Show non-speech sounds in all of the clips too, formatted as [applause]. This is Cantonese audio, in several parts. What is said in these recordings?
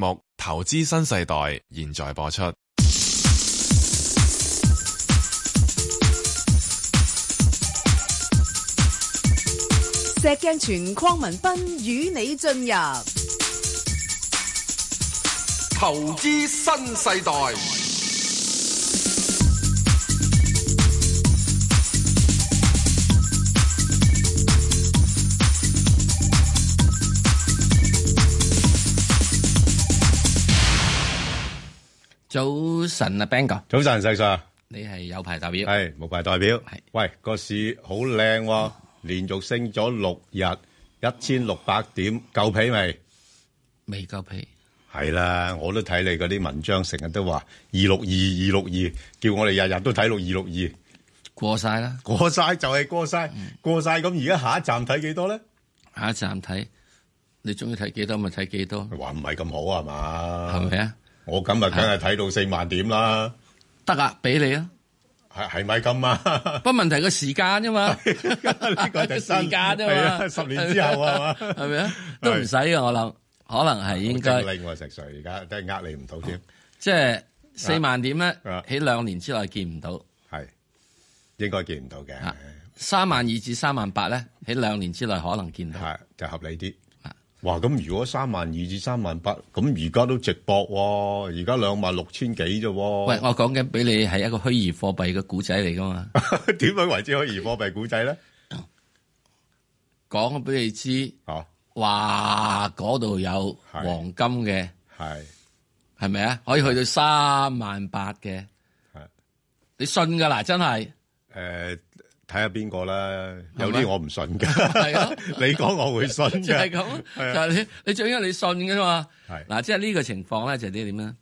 目投資新世代，現在播出。石鏡泉、鄺文斌與你進入投資新世代。早晨啊，Benga。早晨，細 Sir。你係有排代表？係冇排代表？係。喂，個市好靚，連續升咗六日，一千六百點夠皮未？未夠皮。係啦，我都睇你嗰啲文章，成日都話二六二二六二，叫我哋日日都睇六二六二。過晒啦。過晒就係過晒，過晒咁，而家下一站睇幾多咧？下一站睇，你中意睇幾多咪睇幾多。話唔係咁好啊？係嘛？係咪啊？我今日梗係睇到四萬點啦，得啦，俾你啊，係係咪咁嘛？不問題個 [laughs] 時間啫嘛，呢 [laughs] 個就時間啫嘛，十年之後啊嘛，係咪 [laughs] 啊？都唔使嘅，我諗可能係應該。我淨利我食稅而家都係呃你唔到添，即係四、哦就是、萬點咧，喺兩年之內見唔到，係應該見唔到嘅。三萬二至三萬八咧，喺兩年之內可能見到。係就合理啲。話咁如果三萬二至三萬八，咁而家都直播，而家兩萬六千幾啫。喂，我講緊俾你係一個虛擬貨幣嘅古仔嚟噶嘛？點 [laughs] 樣為之虛擬貨幣古仔咧？講俾你知，哇嗰度有黃金嘅，係係咪啊？可以去到三萬八嘅，你信噶啦，真係。呃睇下邊個啦，有啲我唔信㗎、 [laughs] 係啊係啊啊。啊，你講我會信就係咁，你，你最緊要你信㗎嘛。係嗱，即係呢個情況咧，就啲點咧？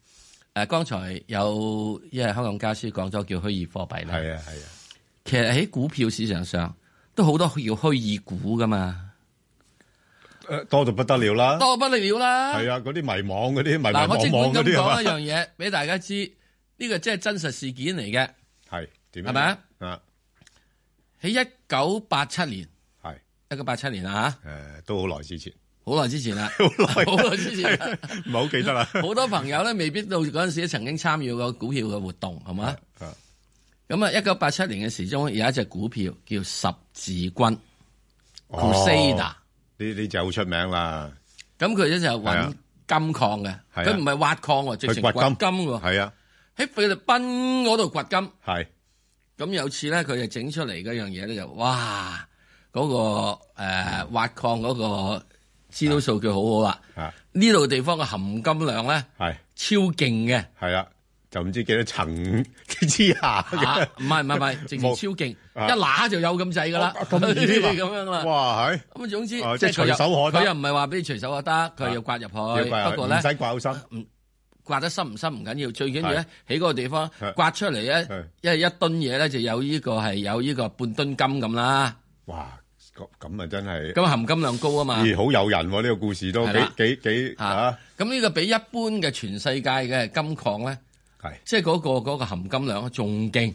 誒，剛才有一係香港家書講咗叫虛擬貨幣啊，啊。其實喺股票市場上都好多叫虛擬股㗎嘛。多到不得了啦，多得不得了啦。係啊，嗰啲迷茫嗰啲迷迷嗰啲啊。嗱，我正正講一樣嘢俾大家知，呢、呢個真係真實事件嚟嘅。係係咪啊？喺一九八七年，係一九八七年啦吓，誒、啊，都好耐之前，好耐之前啦，好耐好耐之前唔係好記得啦。好 [laughs] 多朋友咧，未必到嗰陣時曾經參與過股票嘅活動，係嘛？咁啊，一九八七年嘅時鐘有一隻股票叫十字軍 Crusader 呢呢隻好出名啦。咁佢咧就揾金礦嘅，佢唔係挖礦喎，直情掘金喎，係啊，喺、啊啊、菲律賓嗰度掘金，係。咁有次咧，佢就整出嚟嗰樣嘢咧，就哇嗰、嗰個誒、呃、挖礦嗰個資料數據好好、啊、啦。呢度地方嘅含金量咧係超勁嘅。係啦、啊，就唔知幾多層之下。唔係唔係唔係，直接超勁，一揦就有咁滯噶啦。咁呢啲咁樣啦。啊啊、 [laughs] 哇，係。咁總之、呃、即係隨手可。佢又唔係話俾你隨手得，佢又，又刮，入刮入去。不過咧，唔使刮好深、嗯嗯刮得深唔深唔緊要，最緊要咧喺嗰個地方刮出嚟咧，一一噸嘢咧就有呢個係有呢個半噸金咁啦。哇，咁啊真係咁含金量高啊嘛。咦，好誘人喎！呢個故事都幾幾幾嚇。咁呢個比一般嘅全世界嘅金礦咧，係即係嗰個嗰個含金量仲勁。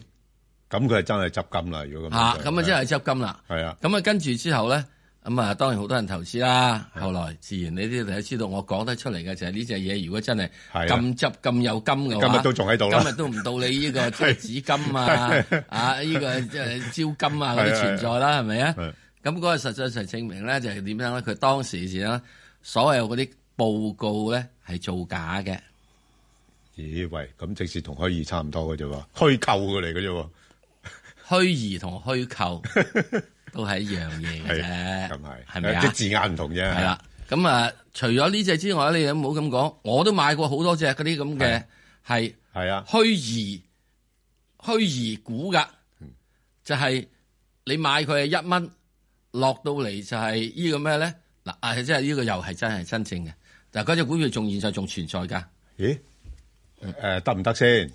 咁佢係真係執金啦，如果咁嚇咁啊，真係執金啦。係啊，咁啊，跟住之後咧。咁啊，當然好多人投資啦。的後來自然你啲大家知道，我講得出嚟嘅就係呢隻嘢，如果真係咁執咁的有金嘅話，今日都仲喺度，今日都唔到你呢個紙金啊的啊呢、呢個招金啊嗰啲存在啦，係咪啊？咁嗰個實際上證明咧，就係、是、點樣咧？佢當時時咧，所有嗰啲報告咧係造假嘅。咦？喂，咁直接同虛擬差唔多嘅啫喎，虛構嘅嚟嘅啫喎，虛擬同虛構。 [laughs] 都係一樣嘢嘅，咁 [laughs] 係、嗯，係咪、啊、字眼唔同啫、啊。係啦，咁啊，除咗呢隻之外，你唔好咁講，我都買過好多隻嗰啲咁嘅，係，係啊，虛擬虛擬股噶，就係、係、你買佢一蚊，落到嚟就係呢個咩咧？嗱、啊啊，即係呢個又係真係真正嘅，但係嗰隻股票仲現在仲存在噶？咦、欸？誒、嗯呃，得唔得先？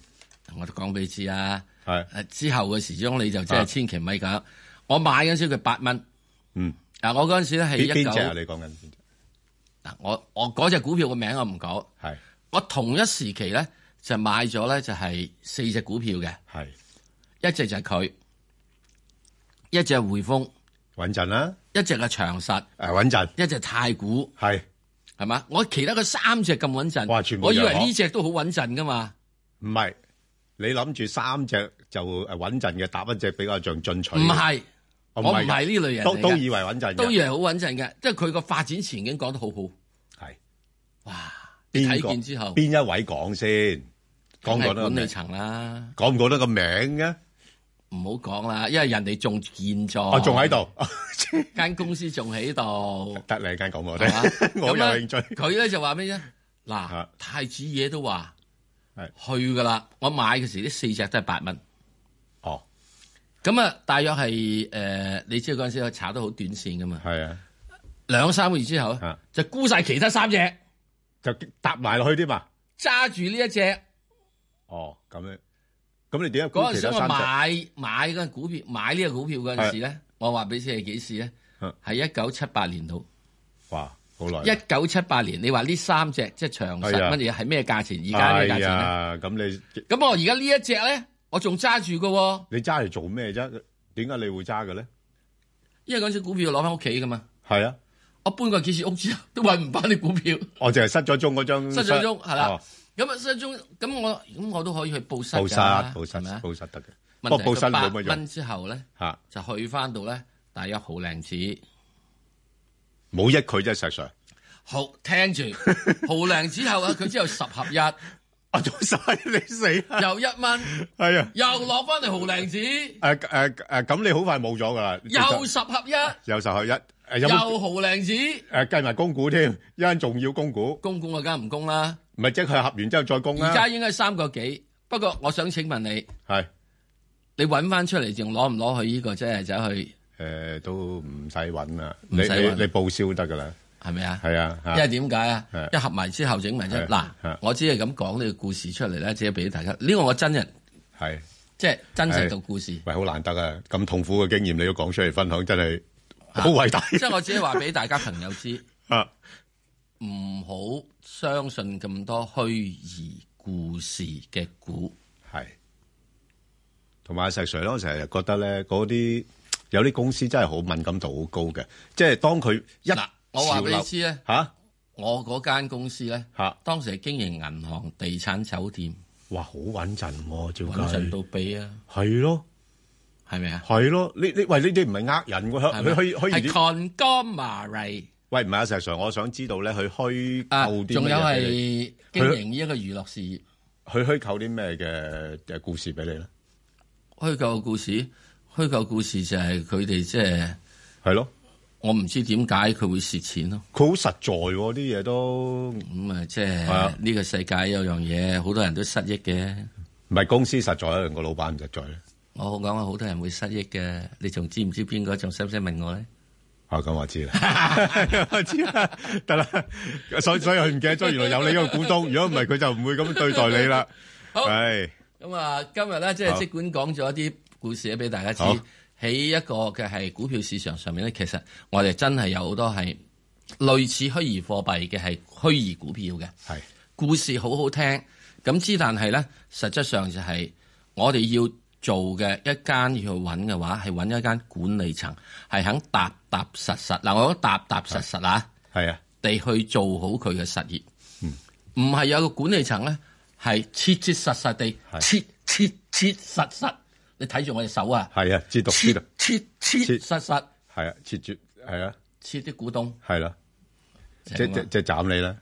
我都講俾你知啊。係、啊。之後嘅時鐘你就真係千祈咪㗎。我買嗰時佢八蚊，嗯，嗱我嗰陣時咧係一九，邊隻啊？你講緊邊隻？嗱，我我嗰隻股票嘅名我唔講，係我同一時期咧就買咗咧就係四隻股票嘅，係一隻就係佢，一隻匯豐，穩陣啦，一隻係、啊、長實，誒穩陣，一隻太古，係係嘛？我其他嘅三隻咁穩陣，我以為呢隻都好穩陣噶嘛，唔係你諗住三隻就誒穩陣嘅，搭一隻比較像進取，唔係。我唔係呢類人嚟嘅，都，都以為穩陣，都以為好穩陣嘅，即係佢個發展前景講得好好。係，哇、啊！你睇見之後，邊一位講先、先？講過啦，管理層啦，講唔講得個名啊？唔好講啦，因為人哋仲健在。啊，仲喺度，間公司仲喺度。得、得兩間講我啫， [laughs] 我有興趣。佢咧就話咩啫？嗱、啊，太子爺都話係去㗎啦。我買嘅時，呢四隻都係八蚊。咁啊，大約係誒、呃，你知道嗰陣時我炒得好短線噶嘛？係啊，兩三個月之後咧、啊，就沽晒其他三隻，就搭埋落去啲嘛。揸住呢一隻。哦，咁樣，咁你點解啊？嗰陣時我買隻買嗰隻股票，買呢個股票嗰陣時咧、啊，我話俾你知係幾時咧？係一九七八年到。哇，好耐！一九七八年，你話呢三隻即係長實乜嘢？係咩價錢？而家咩價錢咧？咁、啊、你咁我而家呢一隻咧？我仲揸住噶，你揸嚟做咩啫？點解你會揸嘅咧？因為嗰隻股票攞翻屋企噶嘛。係啊，我搬過幾次屋之後都搵唔翻啲股票。嗯、 [laughs] 我淨係失咗蹤嗰張。失咗蹤係啦。咁啊、哦、失咗蹤，咁我咁我都可以去報失、啊。報失，報失，報失得嘅。不過報失冇乜用。之後咧，吓就去翻到咧，大約毫零子。冇益佢啫，實際上。好，聽住，毫零子後啊，佢只有十合一。 [laughs] 啊！做晒你死，又一蚊，係啊，又攞翻嚟毫零子，誒誒誒，咁你好快冇咗噶啦，又十合一，又十合一，又毫零子，誒，計埋公股添，一間仲要公股，公股我梗唔供啦，唔係即係佢合完之後再供啦，而家應該係三個幾，不過我想請問你，係，你搵翻出嚟仲攞唔攞去呢個即係走去，誒，都唔使搵啦，你你報銷得噶啦。係咪啊？係啊，因為點解啊？一合埋之後整埋啫。嗱、啊啊，我只係咁講呢個故事出嚟咧，只係俾大家。呢、這個我真人係，即係、就是、真實到故事。喂，好難得啊！咁痛苦嘅經驗你都講出嚟分享，真係好偉大。即係、啊、我只係話俾大家朋友， [laughs] 朋友知啊，唔好相信咁多虛擬故事嘅股。係，同埋阿石 Sir 咯，成日覺得咧，嗰啲有啲公司真係好敏感度好高嘅，即、就、係、是、當佢一。我話俾你知咧，吓、啊、我嗰間公司咧，吓、啊、當時係經營銀行、地產、酒店，哇，好穩陣，穩陣到俾啊，係、啊、咯，係咪啊？係咯，你你喂，你啲唔係呃人喎，佢佢可以係 c o n 喂，唔係、啊、石 Sir，我想知道咧，佢、啊、虛構啲，仲有係經營依一個娛樂事業。佢虛構啲咩嘅嘅故事俾你咧？虛構故事，虛構故事就係佢哋即係，係咯。我唔知點解佢會蝕錢咯、啊，佢好實在啲嘢都咁啊，即係呢個世界有樣嘢好多人都失憶嘅，唔係公司實在啊，個老闆唔實在咧。我講啊，好多人會失憶嘅，你仲知唔知邊個？仲使唔使問我咧？啊、哦，咁我知啦，我知啦，得 [laughs] 啦、 [laughs] 嗯。所以所以佢唔記得咗， [laughs] 原來有你呢個股東，如果唔係佢就唔會咁對待你啦。好，咁、哎、啊、嗯，今日咧即係，即、就是、管講咗啲故事俾大家知。喺一個嘅係股票市場上面咧，其實我哋真係有好多係類似虛擬貨幣嘅係虛擬股票嘅，係故事好好聽。咁之但係咧，實質上就係我哋要做嘅一間要去揾嘅話，係揾一間管理層係肯踏踏實實嗱，我覺得踏踏實實啊，係啊，地去做好佢嘅實業，唔、嗯、係有個管理層咧係切切實實地，切切切實實。你睇住我哋手啊！係啊，截毒，切切切，失失，係啊，切住，係啊，切啲股東，係啦、啊嗯，即即即斬你啦，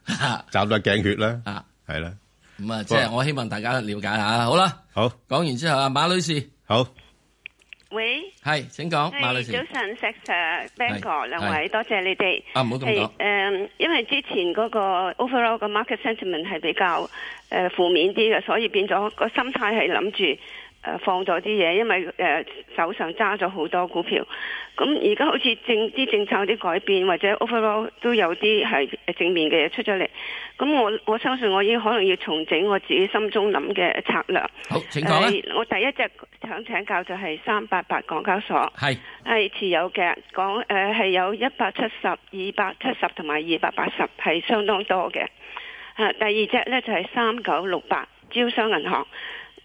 斬咗頸血啦， [laughs] 啊，係啦。咁啊，啊嗯、即係我希望大家了解下。好啦，好，講完之後啊，馬女士，好，喂，係，請講，馬女士，早晨 Saxo Bank 兩位，多謝你哋。啊，唔好咁講，誒、嗯，因為之前嗰、嗰個 Overall 個 Market Sentiment 係比較誒負面啲嘅，所以變咗個心態係諗住。誒，放咗啲嘢，因為誒、呃、手上揸咗好多股票，咁而家好似政啲政策有啲改變，或者 overall 都有啲係正面嘅嘢出咗嚟，咁我我相信我已經可能要重整我自己心中諗嘅策略。好，請、呃、我第一隻想請教就係三八八港交所，係係持有嘅，講誒係有一百七十二百七十同埋二百八十係相當多嘅、呃。第二隻呢就係三九六八招商銀行。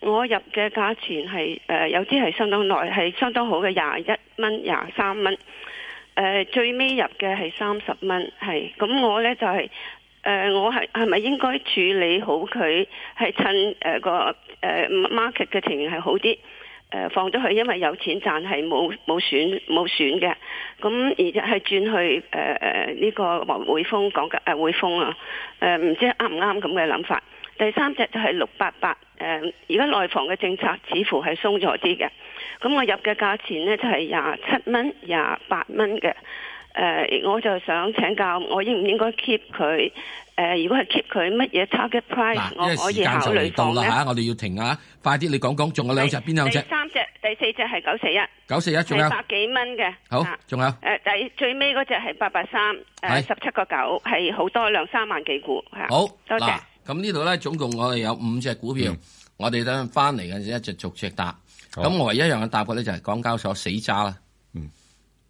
我入嘅價錢係誒有啲係相當耐，係相當好嘅廿一蚊、廿三蚊。誒、呃、最尾入嘅係三十蚊，係咁我呢就係、是、誒、呃、我係係咪應該處理好佢？係趁個誒 market 嘅情形係好啲誒、呃、放咗佢，因為有錢賺係冇冇損冇損嘅。咁而家係轉去誒呢、呃這個黃匯豐講嘅誒匯豐啊，誒唔知啱唔啱咁嘅諗法？第三隻就係六八八，誒而家內房嘅政策似乎係鬆咗啲嘅，咁我入嘅價錢呢，就係廿七蚊、廿八蚊嘅，誒、呃、我就想請教我應唔應該 keep 佢？誒、呃、如果係 keep 佢乜嘢 target price，、啊、我可以考慮。這個、時間就到啦嚇、啊，我哋要停嚇，快啲你講講，仲有兩隻邊兩隻？第三隻 941, 941,、第四隻係九四一。九四一仲有。八幾蚊嘅？好，仲有。誒、啊、第最尾嗰隻係八八三，誒十七個九，係好多兩三萬幾股嚇、啊。好，多謝。啊咁呢度咧，總共我哋有五隻股票，嗯、我哋等翻嚟嘅時一直逐隻答。咁、哦、我唯一一樣嘅答法咧就係港交所死渣啦、嗯。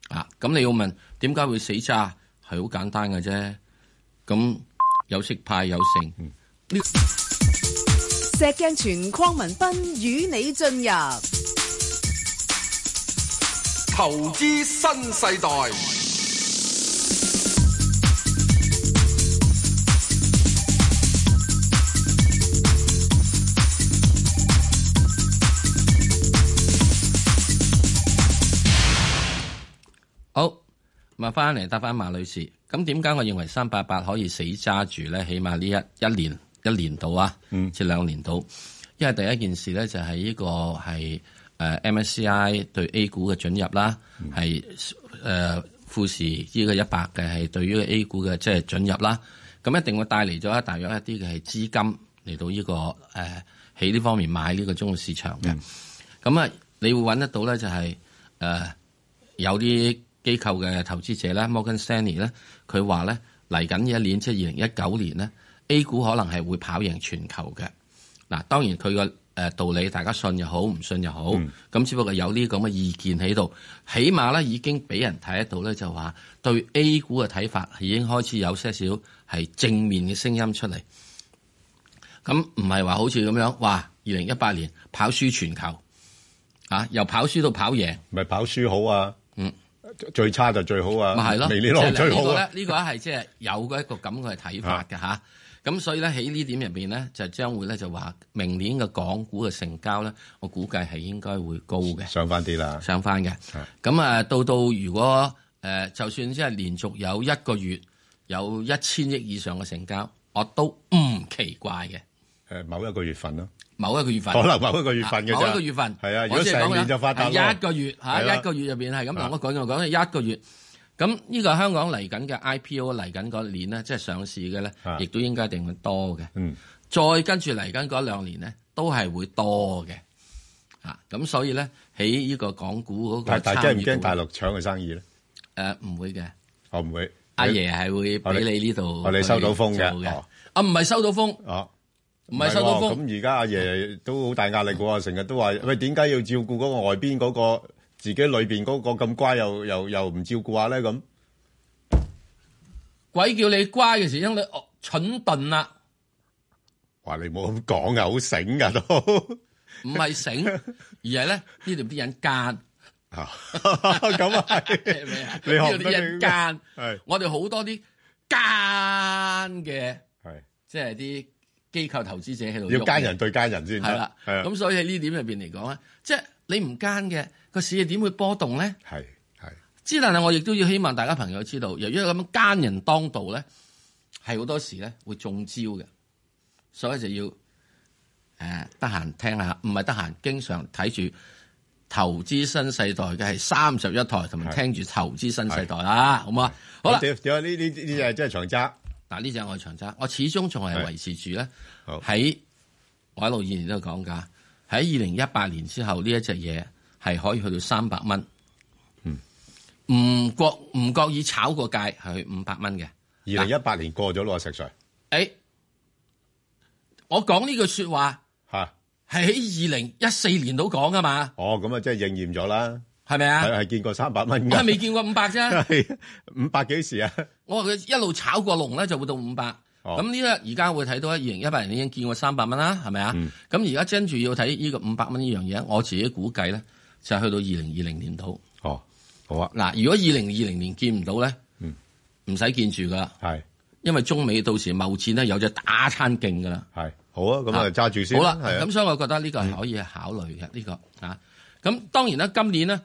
啊，咁你要問點解會死渣，係好簡單嘅啫。咁有色派有勝、嗯。石鏡泉鄺文斌與你進入投資新世代。好，咁啊，翻嚟答翻馬女士。咁點解我認為三八八可以死揸住咧？起碼呢一一年一年到啊，嗯，至兩年到。因為第一件事咧就係呢個係誒 MSCI 對 A 股嘅准入啦，係、嗯、誒、呃、富士呢個一百嘅係對於 A 股嘅即係准入啦。咁一定會帶嚟咗大約一啲嘅係資金嚟到呢個誒喺呢方面買呢個中國市場嘅。咁、嗯、啊，你會揾得到咧、就是，就係誒有啲，機構嘅投資者咧 Morgan Stanley 咧，佢話咧嚟緊一年即係二零一九年咧，A 股可能係會跑贏全球嘅。嗱，當然佢個誒道理大家信又好，唔信又好，咁、嗯、只不過有啲咁嘅意見喺度，起碼咧已經俾人睇得到咧，就話對 A 股嘅睇法已經開始有些少係正面嘅聲音出嚟。咁唔係話好似咁樣，話二零一八年跑輸全球啊，由跑輸到跑贏，唔係跑輸好啊！最差就最好啊！咪係咯，未嚟最好咧、啊。就是、這個呢、這個咧係即係有嘅一個咁嘅睇法嘅吓。咁 [laughs] 所以咧喺呢點入邊咧就將會咧就話明年嘅港股嘅成交咧，我估計係應該會高嘅，上翻啲啦，上翻嘅。咁啊，到到如果誒，就算即係連續有一個月有一千億以上嘅成交，我都唔奇怪嘅。誒，某一個月份咯、啊。某一個月份，可能某一個月份嘅某一個月份，係啊！如果上年就發達咯、啊。一個月嚇、啊啊，一個月入邊係咁同我講講講，一個月咁呢個香港嚟緊嘅 IPO 嚟緊嗰年呢，即、就、係、是、上市嘅咧，亦、啊、都應該一定會多嘅、啊。嗯，再跟住嚟緊嗰兩年呢，都係會多嘅。啊，咁所以咧，喺呢個港股嗰個參與，驚唔驚大陸搶嘅生意咧？誒、啊，唔會嘅，我、哦、唔會。阿爺係會俾你呢度，你我你收到風嘅、哦。啊，唔係收到風。哦唔係收到風，咁而家阿爺都好大壓力嘅，成日都話：喂，點解要照顧嗰個外邊嗰個自己裏邊嗰個咁乖又又又唔照顧下咧？咁鬼叫你乖嘅時，因為你蠢鈍啦！話你冇咁講啊，好醒啊，都唔係醒，而係咧，呢度啲人奸啊，咁啊係你學得奸係，我哋好多啲奸嘅係，即係啲。機構投資者喺度要奸人對奸人先係啦，咁所以喺呢點入邊嚟講咧，即係你唔奸嘅，個市嘢點會波動咧？係係，之但係我亦都要希望大家朋友知道，由於咁樣奸人當道咧，係好多時咧會中招嘅，所以就要誒得閒聽下，唔係得閒經常睇住投資新世代嘅，係三十一台，同埋聽住投資新世代啦，好唔好啊？好啦，呢呢呢啲係真係長揸。嗯嗱、啊，呢隻我長揸，我始終仲係維持住咧。喺我喺六二年都講㗎，喺二零一八年之後呢一隻嘢係可以去到三百蚊。嗯，唔覺唔覺意炒個界係去五百蚊嘅。二零一八年過咗咯，石、啊、Sir、欸。我講呢句説話嚇，係喺二零一四年度講啊嘛。哦，咁啊，真係應驗咗啦。係咪啊？係係見過三百蚊，我未見過五百啫。五百幾時啊？我話佢一路炒過龍咧，就會到五百、哦。咁呢一而家會睇到二零一八年已經見過三百蚊啦，係咪啊？咁而家跟住要睇呢個五百蚊呢樣嘢，我自己估計咧就係去到二零二零年度。哦，好啊。嗱，如果二零二零年見唔到咧，唔、嗯、使見住噶。係，因為中美到時貿易戰咧有只打餐勁噶啦。係，好啊，咁我哋揸住先好、啊。好啦、啊，咁所以我覺得呢個係可以考慮嘅呢個啊。咁當然啦，今年咧。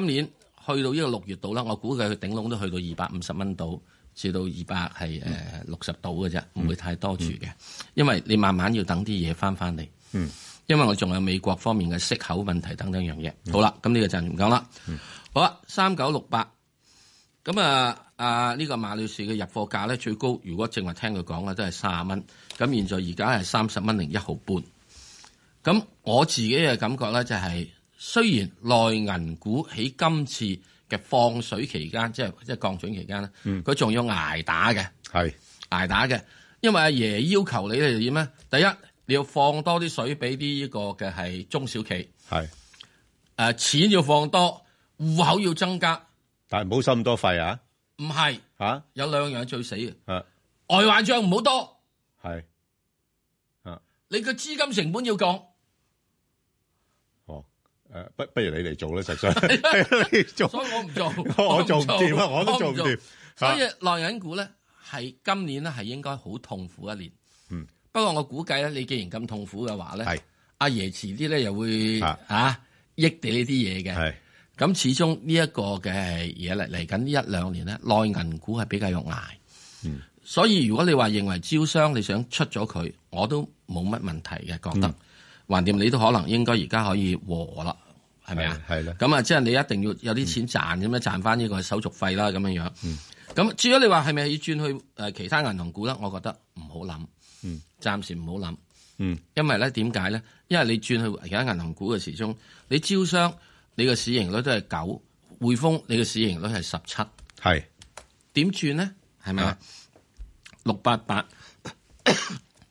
今年去到呢個六月度啦，我估計佢頂籠都去到二百五十蚊度，至到二百係誒六十度嘅啫，唔、嗯、會太多住嘅、嗯，因為你慢慢要等啲嘢翻翻嚟。嗯，因為我仲有美國方面嘅息口問題等等樣嘢。好啦，咁、嗯、呢個就係唔講啦。好啦，三九六八，咁啊啊呢、這個馬女士嘅入貨價咧最高，如果正話聽佢講嘅都係卅蚊，咁現在而家係三十蚊零一毫半。咁我自己嘅感覺咧就係、是。雖然內銀股喺今次嘅放水期間，即係即係降準期間咧，佢、嗯、仲要挨打嘅，係挨打嘅。因為阿爺要求你咧，就點咧？第一，你要放多啲水俾啲呢個嘅係中小企，係誒、啊，錢要放多，戶口要增加，但係唔好收咁多費啊！唔係啊，有兩樣最死嘅，啊，外壞賬唔好多，係啊，你個資金成本要降。誒，不不如你嚟做咧，實際係 [laughs] [laughs] 你做。所以我唔做，我，我做唔掂，我都做唔掂、啊。所以內銀股咧，係今年咧係應該好痛苦一年。嗯。不過我估計咧，你既然咁痛苦嘅話咧，係阿爺遲啲咧又會吓、啊啊、益你呢啲嘢嘅。係。咁始終呢一個嘅嘢嚟嚟緊呢一兩年咧，內銀股係比較肉挨。嗯。所以如果你話認為招商你想出咗佢，我都冇乜問題嘅，覺得橫掂，嗯、你都可能應該而家可以和啦。係咪啊？係啦，咁啊，即係你一定要有啲錢賺咁樣賺翻呢個手續費啦，咁樣樣。嗯，咁、嗯、至於你話係咪要轉去誒其他銀行股咧？我覺得唔好諗。嗯，暫時唔好諗。嗯，因為咧點解咧？因為你轉去其他銀行股嘅時鐘，你招商你嘅市盈率都係九，匯豐你嘅市盈率係十七，係點轉咧？係咪啊？六八八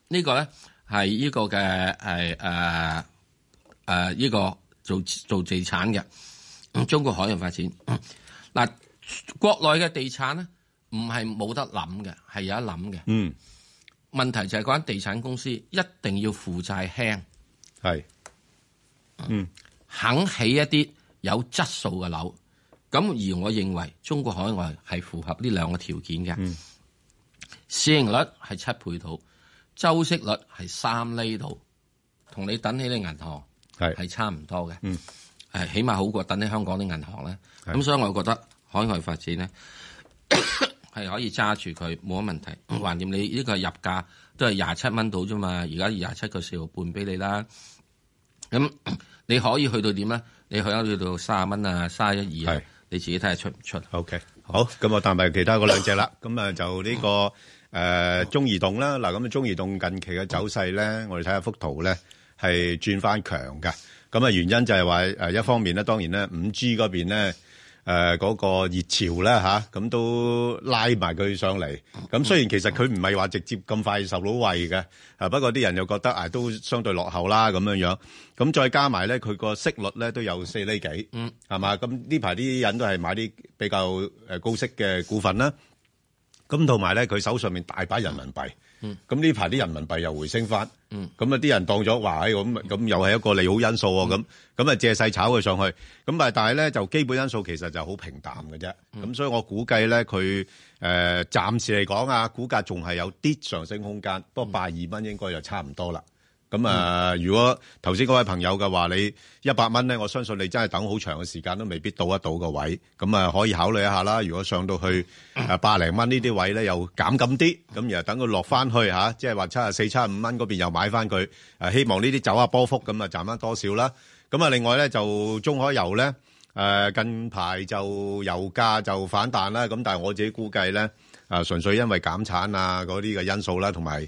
呢個咧係呢個嘅係誒誒呢個。做做地產嘅，中國海外發展嗱，國內嘅地產咧唔係冇得諗嘅，係有得諗嘅。嗯，問題就係、是、嗰間、那個、地產公司一定要負債輕，係，嗯，肯起一啲有質素嘅樓，咁而我認為中國海外係符合呢兩個條件嘅、嗯，市盈率係七倍度，周息率係三厘度，同你等起你銀行。係係差唔多嘅，係、嗯、起碼好過等啲香港啲銀行咧。咁所以我覺得海外發展咧係 [coughs] 可以揸住佢冇乜問題。橫掂，你呢個係入價都係廿七蚊到啫嘛，而家廿七個四毫半俾你啦。咁你可以去到點咧？你去到三十蚊啊，三十一二啊，你自己睇下出唔出？OK，好，咁我帶埋其他嗰兩隻啦。咁啊 [coughs] 就呢、這個誒、呃、中移動啦。嗱，咁啊中移動近期嘅走勢咧， [coughs] 我哋睇下幅圖咧。係轉翻強嘅，咁啊原因就係話一方面咧，當然咧五 G 嗰邊咧誒嗰個熱潮咧咁、吓、都拉埋佢上嚟。咁、嗯、雖然其實佢唔係話直接咁快受到惠嘅，啊、嗯、不過啲人又覺得啊都相對落後啦咁樣樣。咁再加埋咧，佢個息率咧都有四厘幾，係、嗯、嘛？咁呢排啲人都係買啲比較高息嘅股份啦。咁同埋咧，佢手上面大把人民幣。嗯嗯。咁呢排啲人民幣又回升翻，咁啊啲人當咗話，唉咁咁又係一個利好因素喎，咁咁啊借勢炒佢上去，咁啊但係咧就基本因素其實就好平淡嘅啫，咁、嗯、所以我估計咧佢誒暫時嚟講啊，股價仲係有啲上升空間，不過八二蚊應該又差唔多啦。咁啊，如果頭先嗰位朋友嘅話，你一百蚊咧，我相信你真係等好長嘅時間都未必到得到個位。咁啊，可以考慮一下啦。如果上到去八十零蚊呢啲位咧，又減咁啲，咁然後等佢落翻去吓，即係話七十四、七十五蚊嗰邊又買翻佢。啊，希望呢啲走下波幅咁啊，賺翻多少啦。咁啊，另外咧就中海油咧，誒近排就油價就反彈啦。咁但係我自己估計咧，啊純粹因為減產啊嗰啲嘅因素啦，同埋。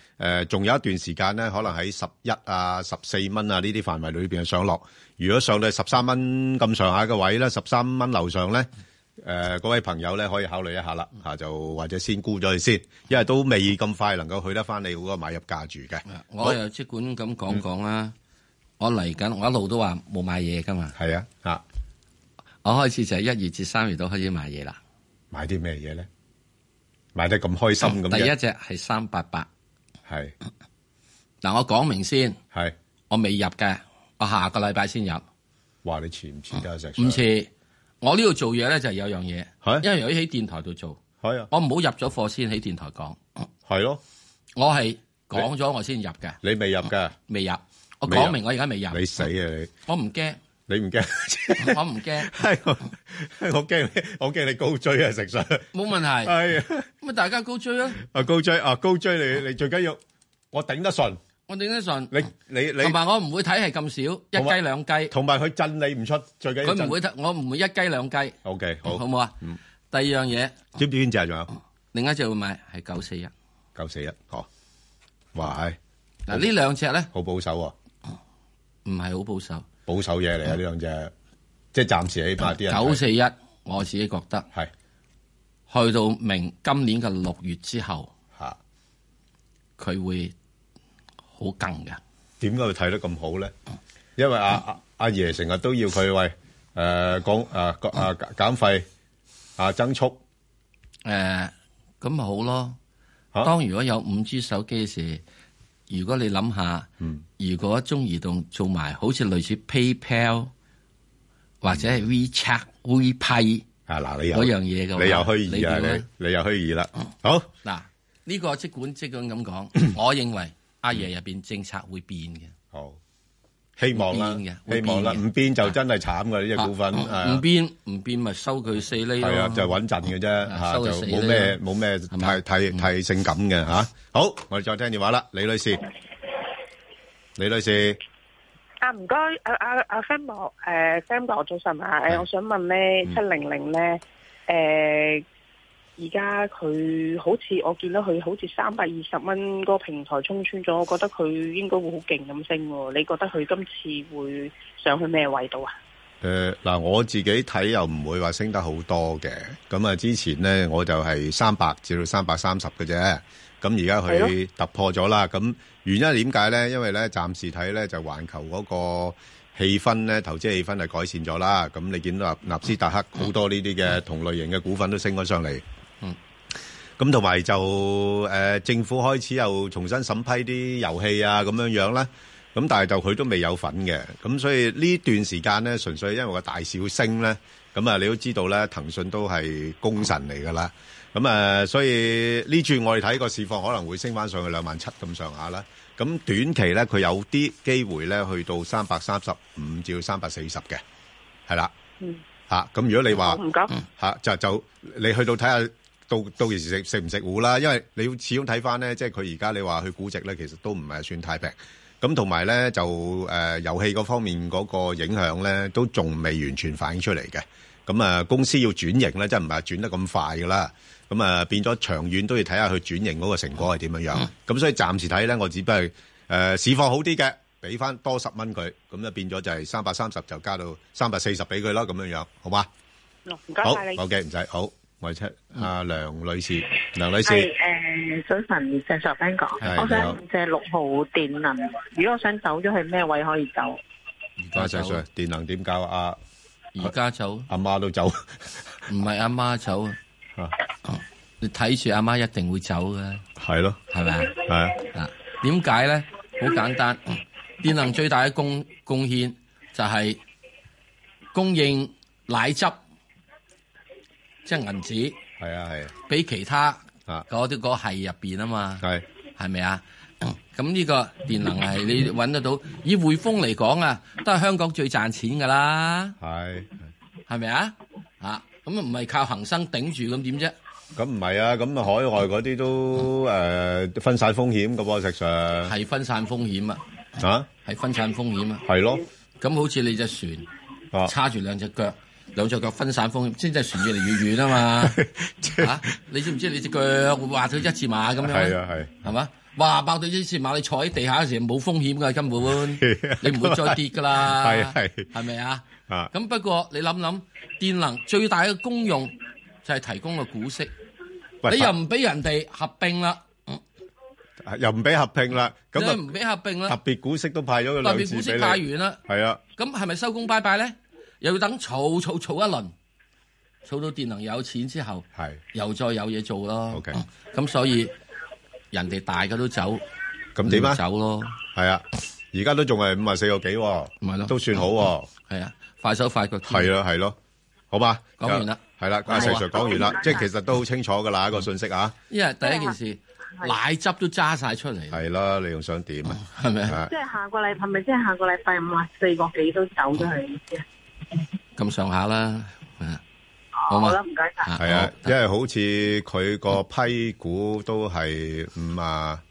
誒、呃，仲有一段時間咧，可能喺十一啊、十四蚊啊呢啲範圍裏面上落。如果上到十三蚊咁上下嘅位咧，十三蚊樓上咧，誒各位朋友咧可以考慮一下啦嚇，就或者先沽咗佢先，因為都未咁快能夠去得翻你嗰個買入價住嘅。我又即管咁講講啦，我嚟緊，我一路都話冇買嘢噶嘛，係啊嚇。我開始就係一月至三月都開始買嘢啦，買啲咩嘢咧？買得咁開心咁，第一隻係三八八。係嗱，我講明先，係我未入嘅，我下個禮拜先入。話你遲唔遲都係唔遲，我呢度做嘢咧就係有樣嘢，因為由於喺電台度做，啊、我唔好入咗貨先喺電台講。係咯、啊，我係講咗我先入嘅。你未入噶？未入，我講明我而家未，未，未入。你死啊你！我唔驚。你唔驚？我唔驚。係，我驚，我驚你高追啊！食水。冇問題。係。咁啊，大家高追啊。啊，高追啊，高追！你你最緊要，我頂得順。我頂得順。你你你。同埋我唔會睇係咁少，一雞兩雞。同埋佢震你唔出，最緊要。佢唔會得，我唔會一雞兩雞。OK，好。好唔好啊？嗯。第二樣嘢。知唔知邊隻啊？仲有。另一隻會買係九四一。九四一，好。哇係。嗱呢兩隻咧。好保守喎。唔係好保守。保守嘢嚟啊！呢兩隻，即係暫時起拍啲人。九四一，我自己覺得係去到明今年嘅六月之後，吓、啊、佢會好更㗎。點解會睇得咁好咧？因為阿阿阿爺成日都要佢喂誒講誒減費啊,啊,啊增速誒咁咪好咯、啊。當如果有五 G 手機時。如果你諗下、嗯，如果中移動做埋好似類似 PayPal、嗯、或者係 WeChat、WePay 啊嗱，你有嗰樣嘢嘅，你有虛擬啊，你的你,你有虛擬啦、嗯。好嗱，呢、呢個即管即管咁講、嗯，我認為阿爺入邊政策會變嘅、嗯。好。希望啦，希望啦，唔變就真係慘噶呢隻股份。唔變唔變咪收佢四厘。係啊，就穩陣嘅啫，吓就冇咩冇咩太太太性感嘅吓。好，我哋再聽電話啦，李女士，李女士。啊，唔該，阿阿阿 Sam 哥，誒，Sam 哥早晨啊，誒，我想問咧，七零零咧，誒。而家佢好似我見到佢好似三百二十蚊個平台衝穿咗，我覺得佢應該會好勁咁升喎、啊。你覺得佢今次會上去咩位度啊？誒、呃、嗱，我自己睇又唔會話升得好多嘅。咁啊，之前呢我就係三百至到三百三十嘅啫。咁而家佢突破咗啦。咁原因係點解呢？因為呢暫時睇呢，就環球嗰個氣氛呢，投資氣氛係改善咗啦。咁你見到納斯達克好多呢啲嘅同類型嘅股份都升咗上嚟。咁同埋就誒政府開始又重新審批啲遊戲啊咁樣樣啦，咁但係就佢都未有份嘅，咁所以呢段時間咧，純粹因為個大市升咧，咁啊你都知道咧，騰訊都係功臣嚟噶啦，咁啊所以呢柱我哋睇個市況可能會升翻上去兩萬七咁上下啦，咁短期咧佢有啲機會咧去到三百三十五至到三百四十嘅，係啦，嚇咁如果你話嚇就就你去到睇下。到到時食食唔食糊啦，因為你要始終睇翻，咧即係佢而家你話佢估值咧,其實都唔係算太平。咁同埋咧就誒遊戲嗰方面嗰個影響咧，都仲未完全反映出嚟嘅。咁啊，公司要轉型咧，即係唔係轉得咁快噶啦。咁啊，變咗長遠都要睇下佢轉型嗰個成果係點樣樣。咁、嗯、所以暫時睇咧，我只不過誒市況好啲嘅，俾翻多十蚊佢，咁咧變咗就係三百三十就加到三百四十俾佢啦咁樣樣，好嗎？唔該晒你。好唔使、OK，好。魏七，阿梁女士，梁女士，係誒早晨，鄭秀芬講，我想借六號電能，如果我想走咗，係咩位可以走？唔該晒 sir，電能點搞啊？而家走，阿媽都走，唔係阿媽走啊，你睇住阿媽一定會走噶，係咯，係咪啊？係啊，點解咧？好簡單，電能最大嘅貢貢獻就係供應奶汁。即係銀紙，係啊係，俾、啊、其他嗰啲個係入邊啊嘛，係係咪啊？咁呢、嗯嗯、個電能係你搵得到？以匯豐嚟講啊，都係香港最賺錢噶啦，係係，咪啊？吓，咁唔係靠恒生頂住咁點啫？咁唔係啊？咁啊海外嗰啲都誒、嗯呃、分散風險噶喎。實際上係分散風險啊！啊，係分散風險啊！係、嗯、咯，咁好似你隻船，叉住兩隻腳。啊兩隻腳分散風險，先至船越嚟越遠啊嘛！ [laughs] 啊，你知唔知你隻腳劃到一字馬咁樣？係啊係，係嘛？哇！爆到一字馬，你坐喺地下嘅時候冇風險噶根本， [laughs] 你唔會再跌噶啦。係 [laughs] 係，係咪啊？咁不過你諗諗，電能最大嘅功用就係提供個股息，你又唔俾人哋合併啦，又唔俾合併啦，咁佢唔俾合併啦，特別股息都派咗個兩次俾你，特別股息派完啦，係啊。咁係咪收工拜拜咧？又要等炒炒炒一輪，炒到電能有錢之後，又再有嘢做咯。咁、okay. 嗯嗯、所以人哋大家都走，咁點啊？走咯。係啊，而家都仲係五萬四個幾喎，都算好喎。係啊，啊，快手快腳。係啦、啊，係咯、啊，好吧。講完啦。係啦，細 Sir 講完啦、啊。即係其實都好清楚㗎啦，一、啊那個信息啊。因為、啊、第一件事、啊啊、奶汁都揸晒出嚟。係咯、啊，你又想點啊？係咪、啊啊、即係下個禮係咪即係下個禮拜五萬四個幾都走咗係？咁上下啦，好啦，唔該晒。係啊，因為好似佢個批股都係五啊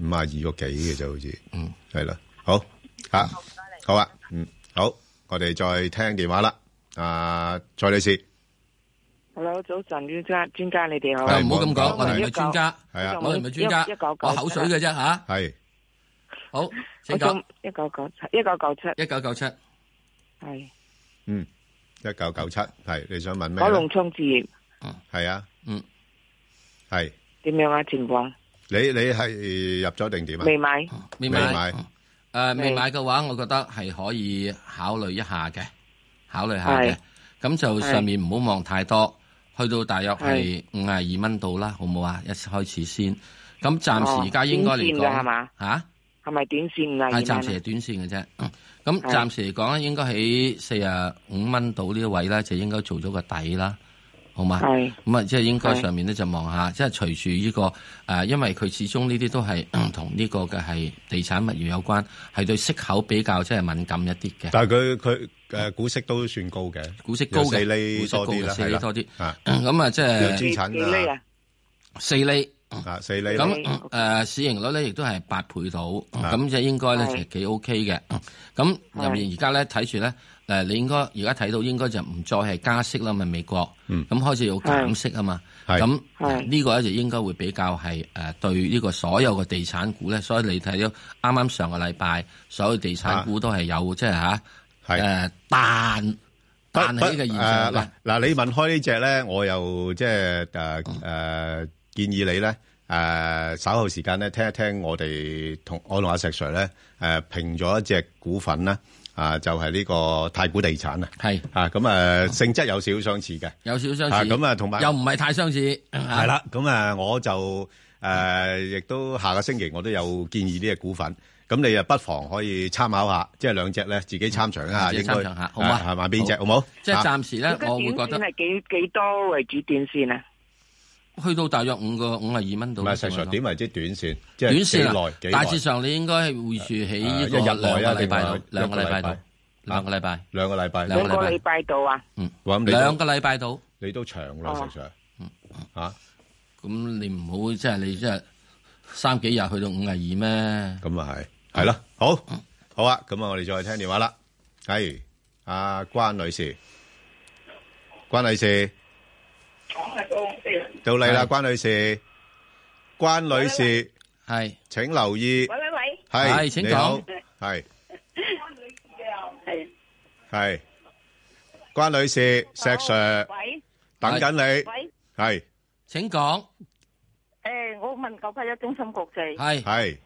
五啊二個幾嘅，就好似，嗯，係啦，好吓，好啊，嗯，好，我哋再聽電話啦。啊，蔡女士，Hello，早晨，專家，專家，你哋好。唔好咁講，我哋唔係專家，係啊，我哋唔係專家，我口水嘅啫吓，係，好，請講，一九九七，一九九七，一九九七，係。嗯，一九九七係你想問咩？九龍倉置業，係、嗯、啊、嗯，係點樣啊？情況你你係入咗定點啊？未買，未買，誒、未、哦、買嘅話，我覺得係可以考慮一下嘅，考慮下嘅。咁就上面唔好望太多，去到大約係五十二蚊度啦，好唔好啊？一開始先，咁暫時而家應該嚟講，吓、哦。係咪短線啊？係暫時係短線嘅啫。咁、嗯、暫時嚟講咧，應該喺四啊五蚊度呢一位咧，就應該做咗個底啦。好嘛？係。咁啊，即、就、係、是、應該上面咧就望下，即係隨住呢個誒、啊，因為佢始終呢啲都係同呢個嘅係地產物業有關，係對息口比較即係、就是、敏感一啲嘅。但係佢佢誒股息都算高嘅，股息高嘅四厘多啲啦，係啦。咁、 [coughs] 就是、啊，即係地產嘅四厘。咁、啊、誒、呃、市盈率咧，亦都係八倍度，咁即係應該咧就幾 OK 嘅。咁、啊、入面而家咧睇住咧，誒，你應該而家睇到應該就唔再係加息啦，嘛。美國，咁、嗯、開始有減息啊嘛。咁呢、啊這個咧就應該會比較係誒、呃、對呢個所有嘅地產股咧，所以你睇到啱啱上個禮拜所有地產股都係有即係吓誒彈彈起嘅現象嗱嗱、呃呃呃呃，你問開呢隻咧，我又即係誒誒。呃呃呃呃建議你咧，誒、啊，稍後時間咧，聽一聽我哋同我同阿石 Sir 咧、啊，誒，評咗一隻股份啦，啊，就係、是、呢個太古地產啊，係啊，咁啊，性質有少少相似嘅，有少少相似，咁啊，同埋又唔係太相似，係啦，咁啊，我就誒，亦、啊、都下個星期我都有建議呢隻股份，咁你啊，不妨可以參考一下，即係兩隻咧，自己參詳下，參一下應該，好嗎？係嘛，邊、啊、隻好冇？即係暫時咧，我會覺得係幾幾多為主短線啊。去到大約五個五廿二蚊度，唔係，實際上點為之短線？即係、短線啦、啊，大致上你應該會住喺個個、呃、一日內啊，兩個禮拜度，兩個禮拜，兩、啊、個禮拜，兩個禮拜度啊，啊，嗯，兩、嗯、個禮拜度，你都長啦，實際上，咁、嗯嗯嗯嗯嗯嗯、你唔好即係你即係、即係、三幾日去到五廿二咩？咁啊係，係啦好好啊，咁、嗯、啊，我哋再聽電話啦，係，阿關女士，關女士。到嚟啦，關女士，關女士係，請留意。喂喂喂，係，請講，係。關女士，係，係，關女士，石 Sir，喂，等緊你，喂，係，請講。誒，我問九八一中芯國際，係係。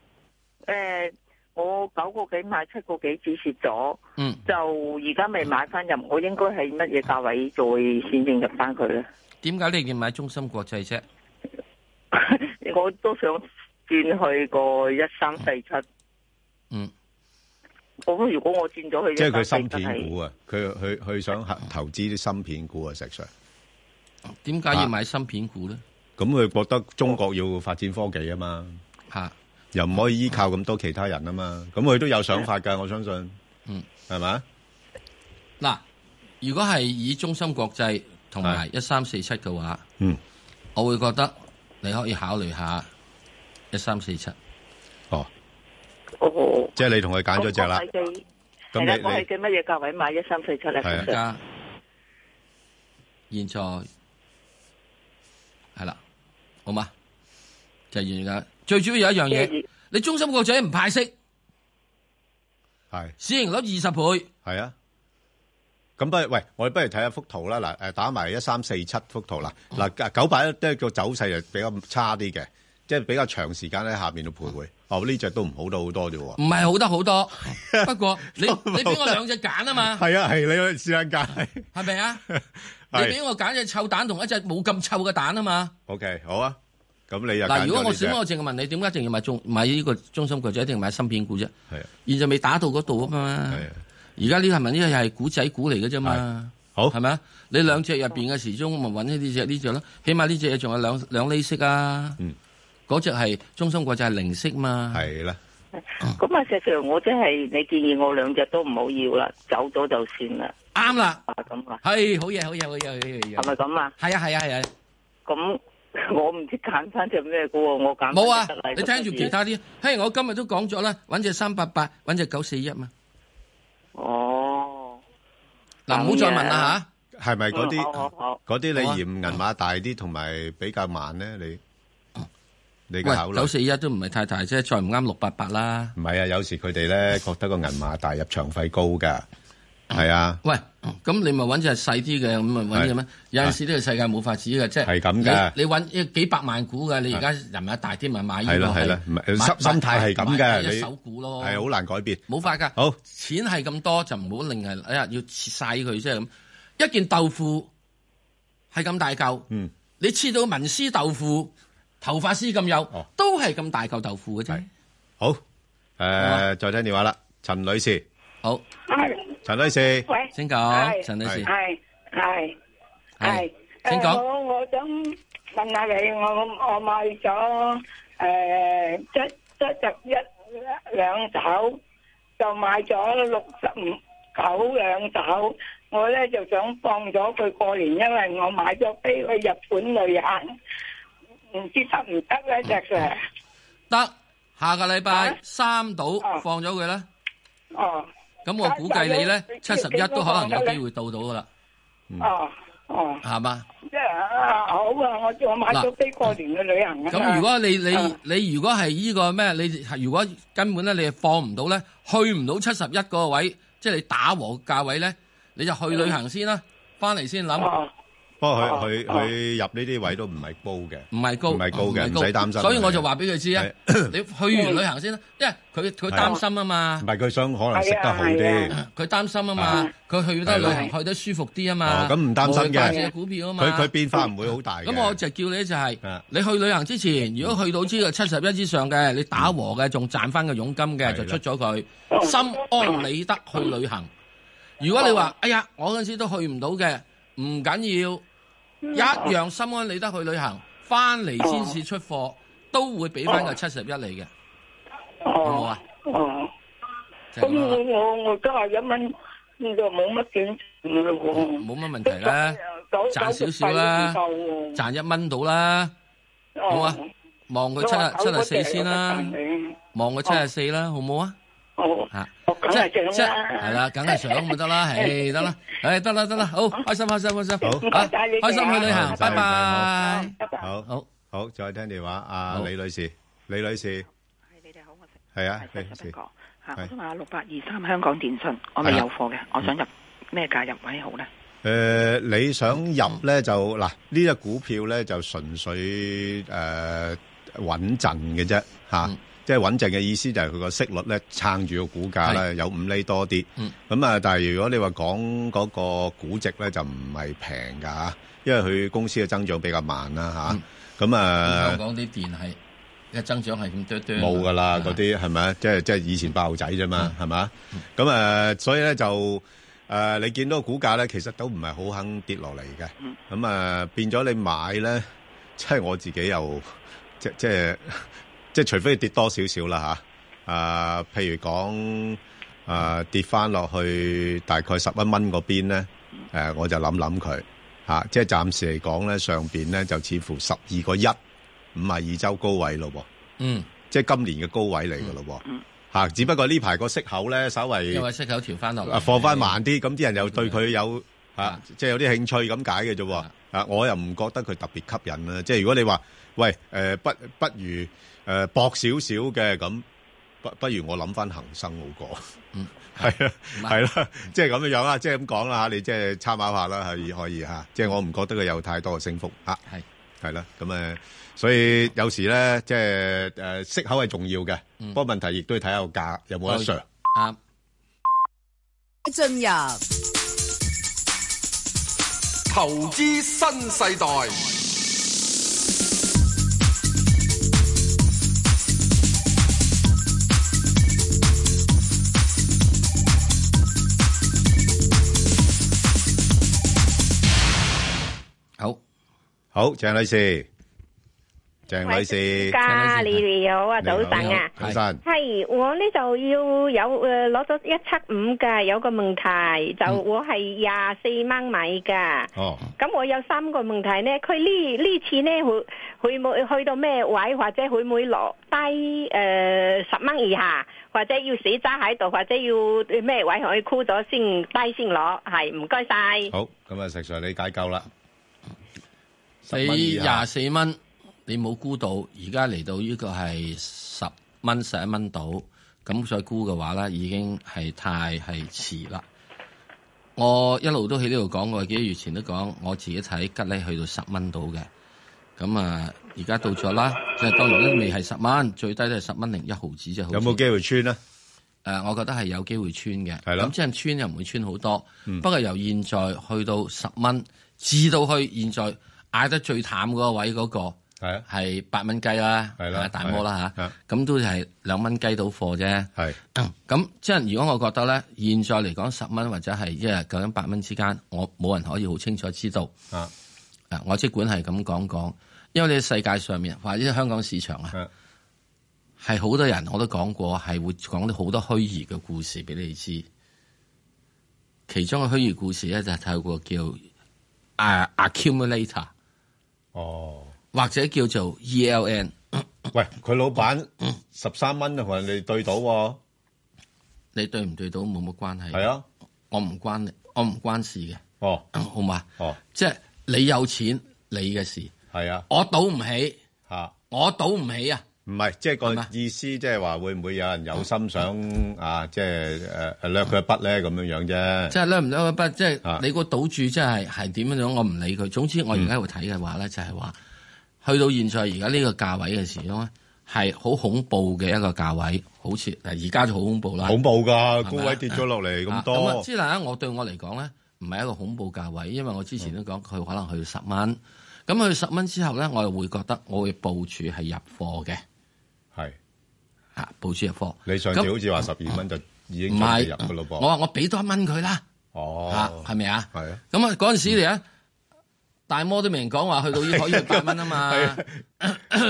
誒，我九個幾買七個幾，止蝕咗，嗯，就而家未買翻入，我應該喺乜嘢價位再先認入翻佢咧？點解你要買中芯國際啫？我都想轉去個一三四七。嗯，我如果我轉咗去、就是，即係佢芯片股啊！佢佢佢想投資啲芯片股啊！實際上，點解要買芯片股咧？咁、啊、佢覺得中國要發展科技啊嘛，吓、啊、又唔可以依靠咁多其他人啊嘛，咁佢都有想法噶，我相信。嗯，係咪？嗱、啊，如果係以中芯國際。同埋一三四七嘅話，嗯，我會覺得你可以考慮下一三四七。哦，即係你同佢揀咗隻啦。咁我係計乜嘢價位買一三四七咧？係啊，現在係啦，好嘛？就係而家最主要有一樣嘢，你中芯國際唔派息，係市盈率二十倍，係啊。咁不如喂，我哋不如睇下幅圖啦。嗱，打埋一三四七幅圖啦。嗱、哦，九八一都係個走勢就比較差啲嘅，即係比較長時間咧下面度徘徊。哦，呢隻都唔好得好多啫喎。唔係好得好多， [laughs] 不過你你俾我兩隻揀啊嘛。係啊係、啊，你試一揀、啊，係咪啊，啊？你俾我揀一隻臭蛋同一隻冇咁臭嘅蛋啊嘛。OK，好啊。咁你又嗱，如果我小我淨係問你，點解一定要買中買呢個中心股就一定買芯片股啫？係、啊。現在未打到嗰度啊嘛。而家呢個係咪呢個係股仔股嚟嘅啫嘛，好係咪啊？你兩隻入邊嘅時鐘，咪揾呢隻呢隻咯，起碼呢隻仲有兩兩釐息啊。嗯，嗰隻係中心國際係零息嘛？係啦。咁啊，石 Sir，我真係你建議我兩隻都唔好要啦，走咗就算啦。啱啦。啊，咁啊。係，好嘢，好嘢，好嘢，好嘢。係咪咁啊？係啊，係啊，係啊。咁我唔知揀翻隻咩嘅喎，我揀冇啊！你聽住其他啲，嘿，我今日都講咗啦，揾隻三八八，揾隻九四一嘛。哦、oh, 嗯，嗱，唔好再問啦吓，係咪嗰啲嗰啲你嫌銀碼大啲同埋比較慢咧？你，啊、你個口九四一都唔係太大啫，再唔啱六八八啦。唔係啊，有時佢哋咧覺得個銀碼大，入場費高㗎。 [laughs] 係啊！喂，咁、嗯、你咪揾隻細啲嘅，咁咪搵啲咩？有陣時呢個世界冇法子嘅，即係咁嘅。你搵幾幾百萬股嘅，你而家人下大啲咪買呢、這個？係咯係咯，心心態係咁嘅，一手股咯，係好難改變，冇法噶。好，錢係咁多就唔好令、哎、呀要切細佢啫。咁一件豆腐係咁大嚿，嗯，你切到文思豆腐、頭髮絲咁幼，哦、都係咁大嚿豆腐嘅啫。好，誒、呃，再聽電話啦，陳女士，好。陳女士，喂，請講。陳女士，係係係，請講。我我想問下你，我我買咗誒七七十一兩手，就買咗六十五九兩手，我咧就想放咗佢過年，因為我買咗飛去日本旅行，唔知得唔得咧，Jack？得，下個禮拜三到放咗佢啦。哦。咁我估計你咧七十一都可能有機會到到噶啦。哦、嗯、哦，係嘛？即係啊，好啊，我我買咗飛過年去旅行啊。咁如果你你你如果係呢個咩？你如果，你如果根本咧你放唔到咧，去唔到七十一個位，即係你打和價位咧，你就去旅行先啦，翻嚟先諗。啊不過佢佢佢入呢啲位都唔係高嘅，唔係高唔係高嘅，唔使擔心。所以我就話俾佢知啊，你去完旅行先啦，因為佢佢擔心啊嘛。唔係佢想可能食得好啲，佢擔心啊嘛，佢去得旅行去得舒服啲啊嘛。咁唔擔心嘅，股票啊嘛，佢佢變化唔會好大。咁我就叫你就係、是，你去旅行之前，如果去到知道七十一之上嘅，你打和嘅仲賺翻個佣金嘅就出咗佢，心安理得去旅行。如果你話哎呀，我嗰陣時都去唔到嘅，唔緊要。一樣心安理得去旅行，翻嚟先至出貨，啊、都會俾翻個七十一你嘅、啊啊，好唔好啊？哦，咁我我我加下一蚊，就冇乜點冇乜問題啦，賺少少啦，賺一蚊到啦，好啊，望佢七七十四先啦，望佢七十四啦，好唔好啊？.哦，吓，梗係上啦，係啦，梗係上咁咪得啦，唉，得啦，唉，得啦，得啦，好，開心，開心，開心，好，開心去旅行，拜拜，拜拜，好好好，再聽電話，阿李女士，李女士，係你哋好，我係，係啊，李女士，吓，我想買六八二三香港電訊，我咪有貨嘅，我想入咩價入位好咧？誒，你想入咧就嗱，呢隻股票咧就純粹誒穩陣嘅啫，吓。即係穩陣嘅意思就係佢個息率咧撐住個股價咧有五厘多啲，咁、嗯、啊、嗯！但係如果你話講嗰個估值咧就唔係平㗎，因為佢公司嘅增長比較慢啦吓，咁啊！香港啲電係一增長係咁哚冇㗎啦，嗰啲係咪？即係即係以前爆仔啫嘛，係、嗯、嘛？咁、嗯、啊，所以咧就誒、是就是嗯嗯呃，你見到個股價咧，其實都唔係好肯跌落嚟嘅，咁、嗯、啊、嗯、變咗你買咧，即係我自己又即即。即即係除非跌多少少啦嚇，啊，譬如講啊跌翻落去大概十一蚊嗰邊咧，誒、啊、我就諗諗佢嚇。即係暫時嚟講咧，上邊咧就似乎十二個一五十二周高位咯喎。嗯，即係今年嘅高位嚟㗎咯喎。嚇，只不過呢排個息口咧，稍微個息口調翻落嚟，放翻慢啲，咁啲人又對佢有。啊，即、就、係、是、有啲興趣咁解嘅啫喎，啊，我又唔覺得佢特別吸引啦。即、就、係、是、如果你話，喂，誒、呃，不不如誒搏少少嘅咁，呃、點點不不如我諗翻恆生好過。嗯，係、嗯就是就是、啊，係啦，即係咁樣樣啦，即係咁講啦嚇，你即係參考下啦，以可以嚇。即係我唔覺得佢有太多嘅升幅。啊，係，係啦，咁誒，所以有時咧，即係誒息口係重要嘅，不、嗯、過問題亦都要睇下價有冇得上。啱。進入。投資新世代。好，好，鄭女士。鄭女士家你哋好啊，早晨啊，先生係我呢度要有誒，攞咗一七五嘅有個問題，就我係廿四蚊買㗎。哦、嗯，咁我有三個問題呢，佢呢呢次呢會會，會去到咩位，或者會唔會落低誒十蚊以下，或者要死揸喺度，或者要咩位可以沽咗先低先攞，係唔該晒。好，咁啊，石 Sir 你解救啦，四廿四蚊。4, 你冇估到，而家嚟到呢個係十蚊十一蚊到，咁再估嘅話咧，已經係太係遲啦。我一路都喺呢度講，我幾個月前都講，我自己睇吉利去到十蚊到嘅。咁啊，而家到咗啦，即係當然都未係十蚊，最低都係十蚊零一毫子。有冇機會穿啦誒、呃，我覺得係有機會穿嘅。係啦，咁即係穿又唔會穿好多。不過由現在去到十蚊，至、嗯、到去現在，嗌得最淡嗰個位嗰、那個。係啊，係八蚊雞啦，係啦，大摩啦吓，咁、啊、都係兩蚊雞到貨啫。係咁，即係如果我覺得咧，現在嚟講十蚊或者係一日九蚊、八蚊之間，我冇人可以好清楚知道啊。誒，我即管係咁講講，因為你喺世界上面或者香港市場啊，係好多人我都講過，係會講啲好多虛擬嘅故事俾你知。其中嘅虛擬故事咧就係、是、透過叫誒、啊、accumulator 哦。或者叫做 E L N，喂，佢老闆十三蚊同人哋對賭，啊，你對唔對到冇乜關係。係啊，我唔關，我唔關事嘅。哦，嗯、好嘛，哦，即係你有錢，你嘅事。係啊，我賭唔起。係，啊，我賭唔起啊。唔係，即係個意思，即係話會唔會有人有心想啊，即係誒掠佢一筆咧咁樣樣啫。即係掠唔掠佢一筆，即係，啊就是、你個賭注，即係係點樣樣，我唔理佢。總之我而家會睇嘅話咧，就係話。去到現在而家呢個價位嘅時候係好恐怖嘅一個價位，好似嗱而家就好恐怖啦！恐怖㗎，高位跌咗落嚟咁多。之但係我對我嚟講咧，唔係一個恐怖價位，因為我之前都講佢可能去十蚊，咁去十蚊之後咧，我又會覺得我會、啊啊啊啊啊、部署係入貨嘅，係啊部署入貨。你上次好似話十二蚊就已經買入㗎咯噃。我話我俾多一蚊佢啦。哦，係咪啊？係啊。咁啊嗰陣時咧。嗯大摩都未講話去到呢可以八蚊啊嘛， [coughs]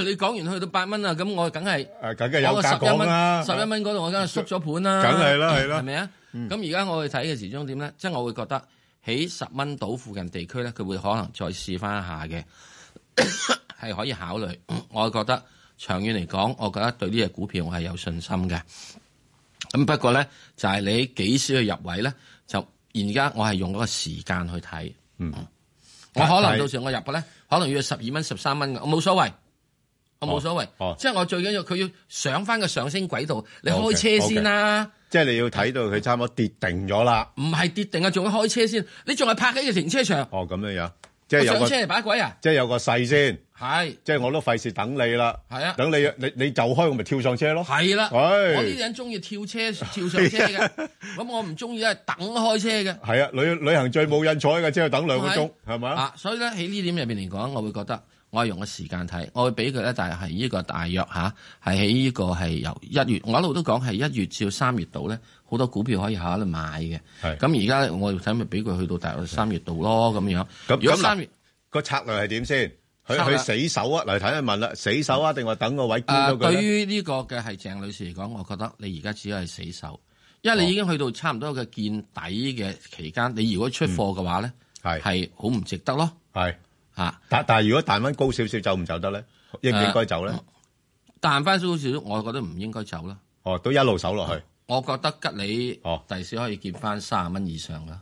你講完去到八蚊啊，咁我梗係，梗係有價降啦，十一蚊嗰度我梗係縮咗盤啦，梗係啦係啦，係咪啊？咁而家我去睇嘅時鐘點咧，即係我會覺得喺十蚊到附近地區咧，佢會可能再試翻一下嘅，係 [coughs] 可以考慮。我覺得長遠嚟講，我覺得對呢隻股票我係有信心嘅。咁不過咧，就係你幾時去入位咧，就而家我係用嗰個時間去睇，嗯。我可能到時我入去咧，可能要十二蚊、十三蚊嘅，我冇所謂，我冇所謂。哦。即係我最緊要佢要上翻個上升軌道，你開車先啦，啊。哦、okay, okay，即係你要睇到佢差唔多跌定咗啦，唔係跌定啊，仲要開車先，你仲係泊喺個停車場。哦，咁樣樣。即係上車擺鬼啊！即係有個勢先，係，即係我都費事等你啦，係啊，等你你你走開我咪跳上車咯，係啦、啊哎，我呢啲人中意跳車跳上車嘅，咁、啊、我唔中意咧等開車嘅，係啊，旅旅行最冇癮彩嘅，即係等兩個鐘，係咪、啊？啊，所以咧喺呢點入邊嚟講，我會覺得我係用個時間睇，我會俾佢咧，但係呢個大約吓，係喺呢個係由一月，我一路都講係一月至到三月度咧。好多股票可以下喺度買嘅，咁而家我睇咪俾佢去到大約三月度咯咁樣。咁咁三月個策略係點先？去去死守啊！嚟睇下問啦，死守啊定話、嗯、等個位堅咗、啊、對於呢個嘅係鄭女士嚟講，我覺得你而家只係死守，因為你已經去到差唔多嘅見底嘅期間、哦。你如果出貨嘅話咧，係係好唔值得咯。啊、但但係如果彈翻高少少走唔走得咧，應唔應該走咧、啊？彈翻少少，我覺得唔應該走啦、啊。哦，都一路走落去。我覺得吉利哦，第時可以見翻卅蚊以上啦。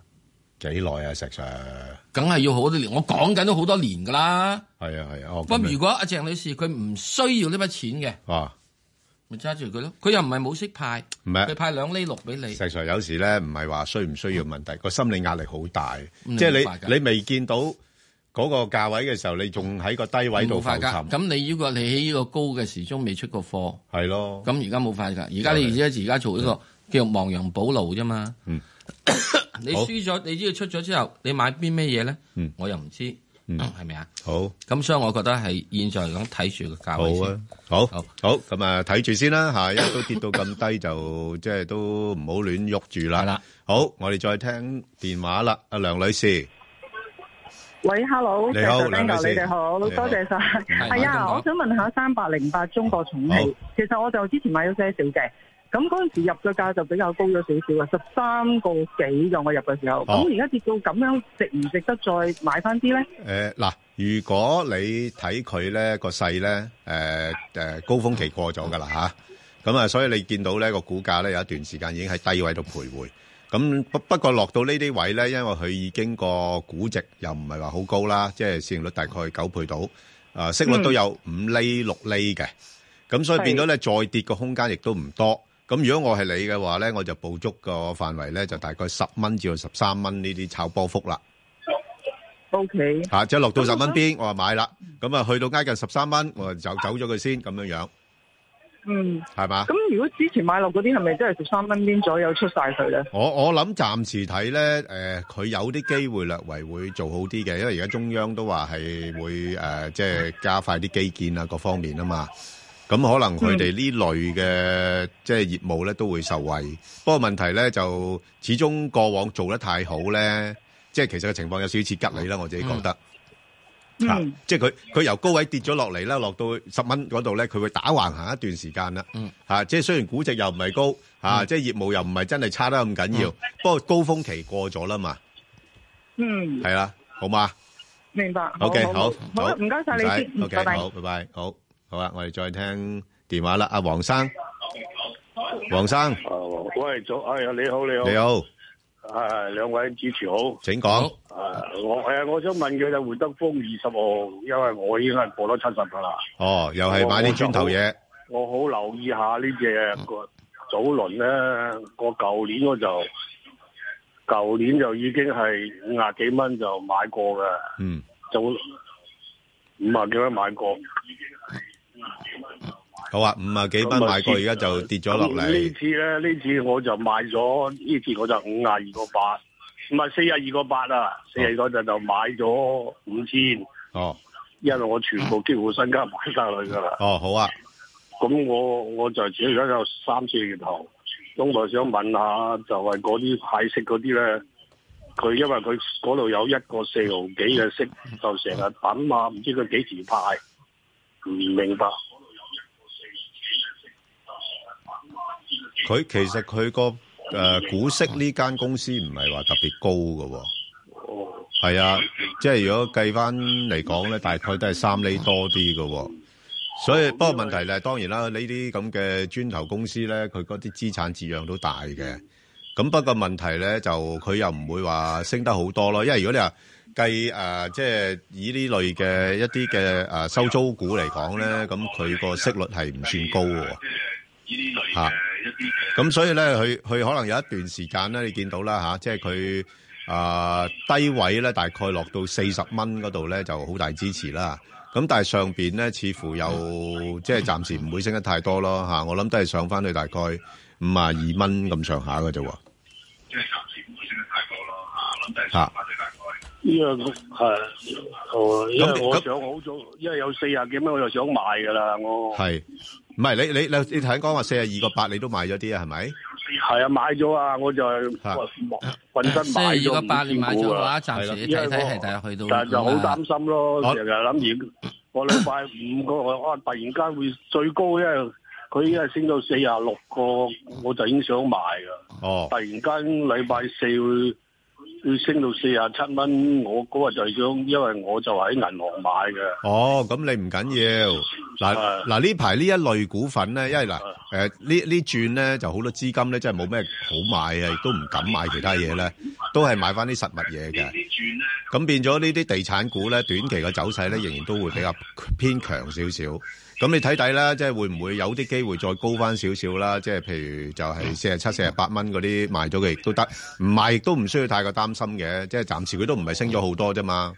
幾耐啊石 Sir？梗係要好多年，我講緊都好多年噶啦。係啊係啊，不過如果阿鄭女士佢唔需要呢筆錢嘅，咪揸住佢咯。佢又唔係冇息派，佢派兩厘六俾你。石 Sir 有時咧唔係話需唔需要問題，個心理壓力好大，即係你、就是、你未見到。嗰、那個價位嘅時候，你仲喺個低位度浮沉。咁你要個你喺呢個高嘅時鐘未出過貨，係咯。咁而家冇快㗎。而家你而家而家做呢個叫亡羊補牢啫嘛。嗯。 [coughs] 你輸咗，你知要出咗之後，你買邊咩嘢咧？嗯。我又唔知。嗯。係咪啊？好。咁所以我覺得係現在嚟講，睇住個價位先。好啊。好。好好咁啊，睇住先啦嚇。因為 [coughs] 都跌到咁低就，就即係都唔好亂喐住啦。係啦。好，我哋再聽電話啦，阿梁女士。喂，hello，謝謝聽牛，你哋好多謝晒。係啊，hi, 我想問下三百零八中國重器，hi. 其實我就之前買咗些少嘅，咁嗰陣時入嘅價就比較高咗少少啊，十三個幾嘅我入嘅時候，咁而家跌到咁樣，值唔值得再買翻啲咧？誒嗱，如果你睇佢咧個勢咧，誒、呃、誒、呃、高峰期過咗㗎啦吓，咁啊，所以你見到呢、那個股價咧有一段時間已經喺低位度徘徊。咁不不過落到呢啲位呢，因為佢已經個估值又唔係話好高啦，即係市盈率大概九倍到，啊息率都有五厘六厘嘅，咁、嗯、所以變到呢，再跌個空間亦都唔多。咁如果我係你嘅話呢，我就捕捉個範圍呢，就大概十蚊至到十三蚊呢啲炒波幅啦。O okay. K，吓，即係落到十蚊邊，我話買啦。咁啊，去到挨近十三蚊，我就走咗佢先，咁樣樣。嗯，係嘛？咁如果之前買落嗰啲，係咪真係十三蚊元左右出晒佢咧？我我諗暫時睇咧，誒、呃，佢有啲機會略為會做好啲嘅。因為而家中央都話係會誒，即、呃、係、就是、加快啲基建啊，各方面啊嘛。咁可能佢哋呢類嘅即係業務咧，都會受惠。不過問題咧，就始終過往做得太好咧，即、就、係、是、其實個情況有少少似吉利啦。我自己覺得。嗯嗯，即係佢佢由高位跌咗落嚟啦，落到去十蚊嗰度咧，佢會打橫行一段時間啦。嗯，吓，即係雖然估值又唔係高，吓，即係業務又唔係真係差得咁緊要，不過高峰期過咗啦嘛。嗯，係啦，好嘛？明白。好嘅，好，好，唔該晒你先。OK，好，拜拜。好好啦，我哋再聽電話啦。阿黃生，黃生，喂，早，哎呀，你好，你好。係、啊，兩位主持好，請講。誒、啊，我我想問佢就會德豐二十號，因為我已經係過咗七十噶啦。哦，又係買啲磚頭嘢。我好留意一下呢隻早輪咧，個舊年我就舊年就已經係五廿幾蚊就買過噶。嗯，早五廿幾蚊買過。嗯好啊，五啊幾蚊買過，而家就跌咗落嚟。這次呢次咧，呢次我就賣咗，呢次我就五廿二個八，唔係四廿二個八啊，四廿二嗰陣就買咗五千。哦，因為我全部幾乎身家買晒佢噶啦。哦，好啊，咁我我就自己而家就三四個月頭，咁我想問下，就係嗰啲派息嗰啲咧，佢因為佢嗰度有一個四毫幾嘅息，就成日等啊，唔知佢幾時派，唔明白。佢其實佢個誒股息，呢間公司唔係話特別高㗎喎。哦，係啊，即係如果計翻嚟講咧，大概都係三厘多啲嘅喎。所以不過問題咧，當然啦，呢啲咁嘅磚頭公司咧，佢嗰啲資產質量都大嘅。咁不過問題咧，就佢又唔會話升得好多咯。因為如果你話計，呃、即係以呢類嘅一啲嘅收租股嚟講咧，咁佢個息率係唔算高喎。嘅一啲嘅。咁所以咧，佢佢可能有一段時間咧，你見到啦、啊、即係佢啊低位咧，大概落到四十蚊嗰度咧，就好大支持啦。咁、啊、但係上面咧，似乎又即係暫時唔會升得太多咯嚇。我諗都係上翻去大概五啊二蚊咁上下嘅啫。即係暫時唔會升得太多咯嚇。諗低翻最大概。呢為係，因為我, char, 因為我上好咗，因為有四十幾蚊，我就想買㗎啦。我唔係，你你你你頭先講話四十二個八，你都買咗啲啊係咪？係啊，買咗啊，我就係，我本身買咗五個八，買話啊、你股啊賺咗，睇睇係睇下去到。但係就好擔心咯，成日諗住我禮拜五個 [coughs] 我突然間會最高，因為佢已經係升到四十六個，我就已經想賣㗎。哦，突然間禮拜四會。要升到四十七蚊，我嗰日就係想，因為我就喺銀行買嘅。哦，咁你唔緊要。嗱嗱呢排呢一類股份咧，因為嗱誒呢呢轉咧就好多資金咧，真係冇咩好買啊，亦都唔敢買其他嘢咧，都係買翻啲實物嘢嘅。咁變咗呢啲地產股咧，短期嘅走勢咧，仍然都會比較偏強少少。咁你睇睇啦，即係會唔會有啲機會再高返少少啦？即係譬如就係四十七、四十八蚊嗰啲賣咗嘅亦都得，唔賣亦都唔需要太過擔心嘅。即係暫時佢都唔係升咗好多啫嘛。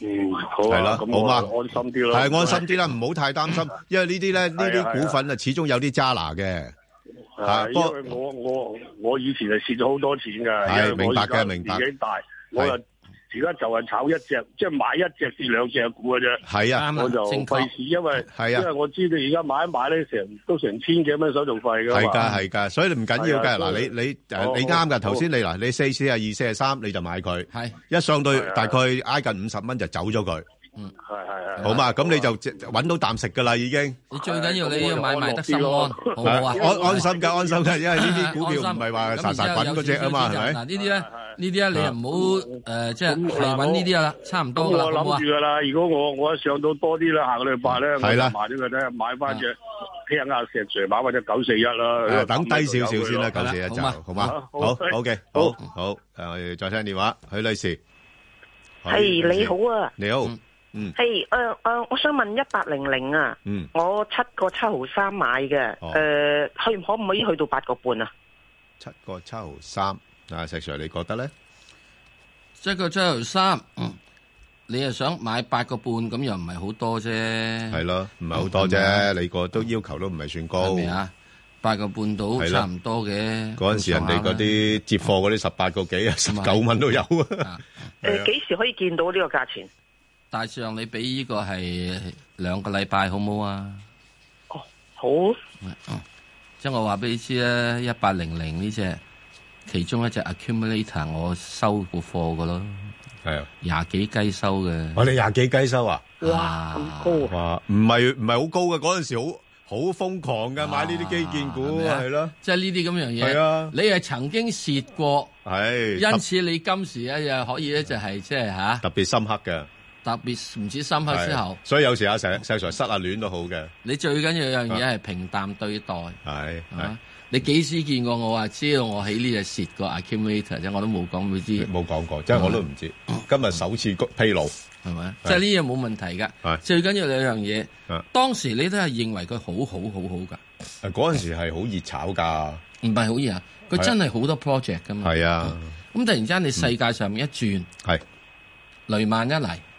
嗯，好啊，咁我好、啊、安心啲啦，係安心啲啦，唔好、啊、太擔心，因為呢啲咧，呢啲、啊、股份啊，始終有啲渣拿嘅嚇。因為我我我以前係蝕咗好多錢㗎。係、啊啊、明白嘅，明白。我而家就係炒一隻，即係買一隻至兩隻股嘅啫。係啊，我就正費事，因為係啊，因為我知道而家買一買咧，都成都成千幾蚊手續費㗎嘛。係㗎，係㗎，所以你唔緊要㗎。嗱，你你誒，你啱㗎。頭先你嗱，你四四啊二、四啊三，你，你, 4, 4, 2, 4, 3，你就買佢。係一上到大概挨近五十蚊就走咗佢。嗯，係係係，好嘛？咁你就揾到啖食噶啦，已經。你最緊要你要買埋得先，好啊，安安心噶，安心噶，因為呢啲股票唔係話殺殺滾嗰隻啊嘛，係咪？嗱，呢啲咧，呢啲咧，你唔好誒，即係嚟揾呢啲啦，差唔多啦，我諗住噶啦。如果我我一上到多啲啦，下個禮拜咧，我咪買咗佢咧，買翻隻聽下石垂馬或者九四一啦，等低少少先啦，九四一就，好嘛？好，OK，好好我哋再聽電話，許女士，係你好啊，你好。係誒誒，我想問一八零零啊、嗯，我七個七毫三買嘅，誒、哦、去、uh, 可唔可以去到八個半啊？七個七毫三，啊、石 Sir 你覺得咧？七個七毫三，嗯、你又想買八個半，咁又唔係好多啫。係咯，唔係好多啫，你個都要求都唔係算高。係咪啊？八個半都差唔多嘅。嗰陣、那個、時人哋嗰啲接貨嗰啲十八個幾、嗯、啊，十九蚊都有。誒，幾、 [laughs] 呃、時可以見到呢個價錢？大上，你俾呢個係兩個禮拜好冇啊？哦，好。即、oh, 係、oh. 嗯嗯嗯、我話俾你知啊，一八零零呢隻其中一隻 accumulator，我收過貨噶咯，係廿 [music] 幾雞收嘅。我哋廿幾雞收啊？哇，咁高啊？唔係唔係好高嘅？嗰陣時好好瘋狂嘅買呢啲基建股係咯、啊啊啊啊，即係呢啲咁樣嘢。係啊，你係曾經蝕過，係因此你今時咧又可以咧就係即係吓特別深刻嘅。特別唔知深刻之後，啊、所以有時阿成細才失下戀都好嘅。你最緊要有樣嘢，係平淡對待。係係、啊啊，你幾時見過我話知道我喺呢隻蝕過 accumulator 啫？我都冇講佢知，冇講過，過啊、即係我都唔知、啊。今日首次披露，係咪？即係呢樣冇問題噶、啊。最緊要兩樣嘢、啊，當時你都係認為佢好好好好噶。嗰陣時係好熱炒噶，唔係好熱啊？佢真係好多 project 噶嘛。係啊，咁、啊嗯、突然間你世界上面一轉，係、啊啊、雷曼一嚟。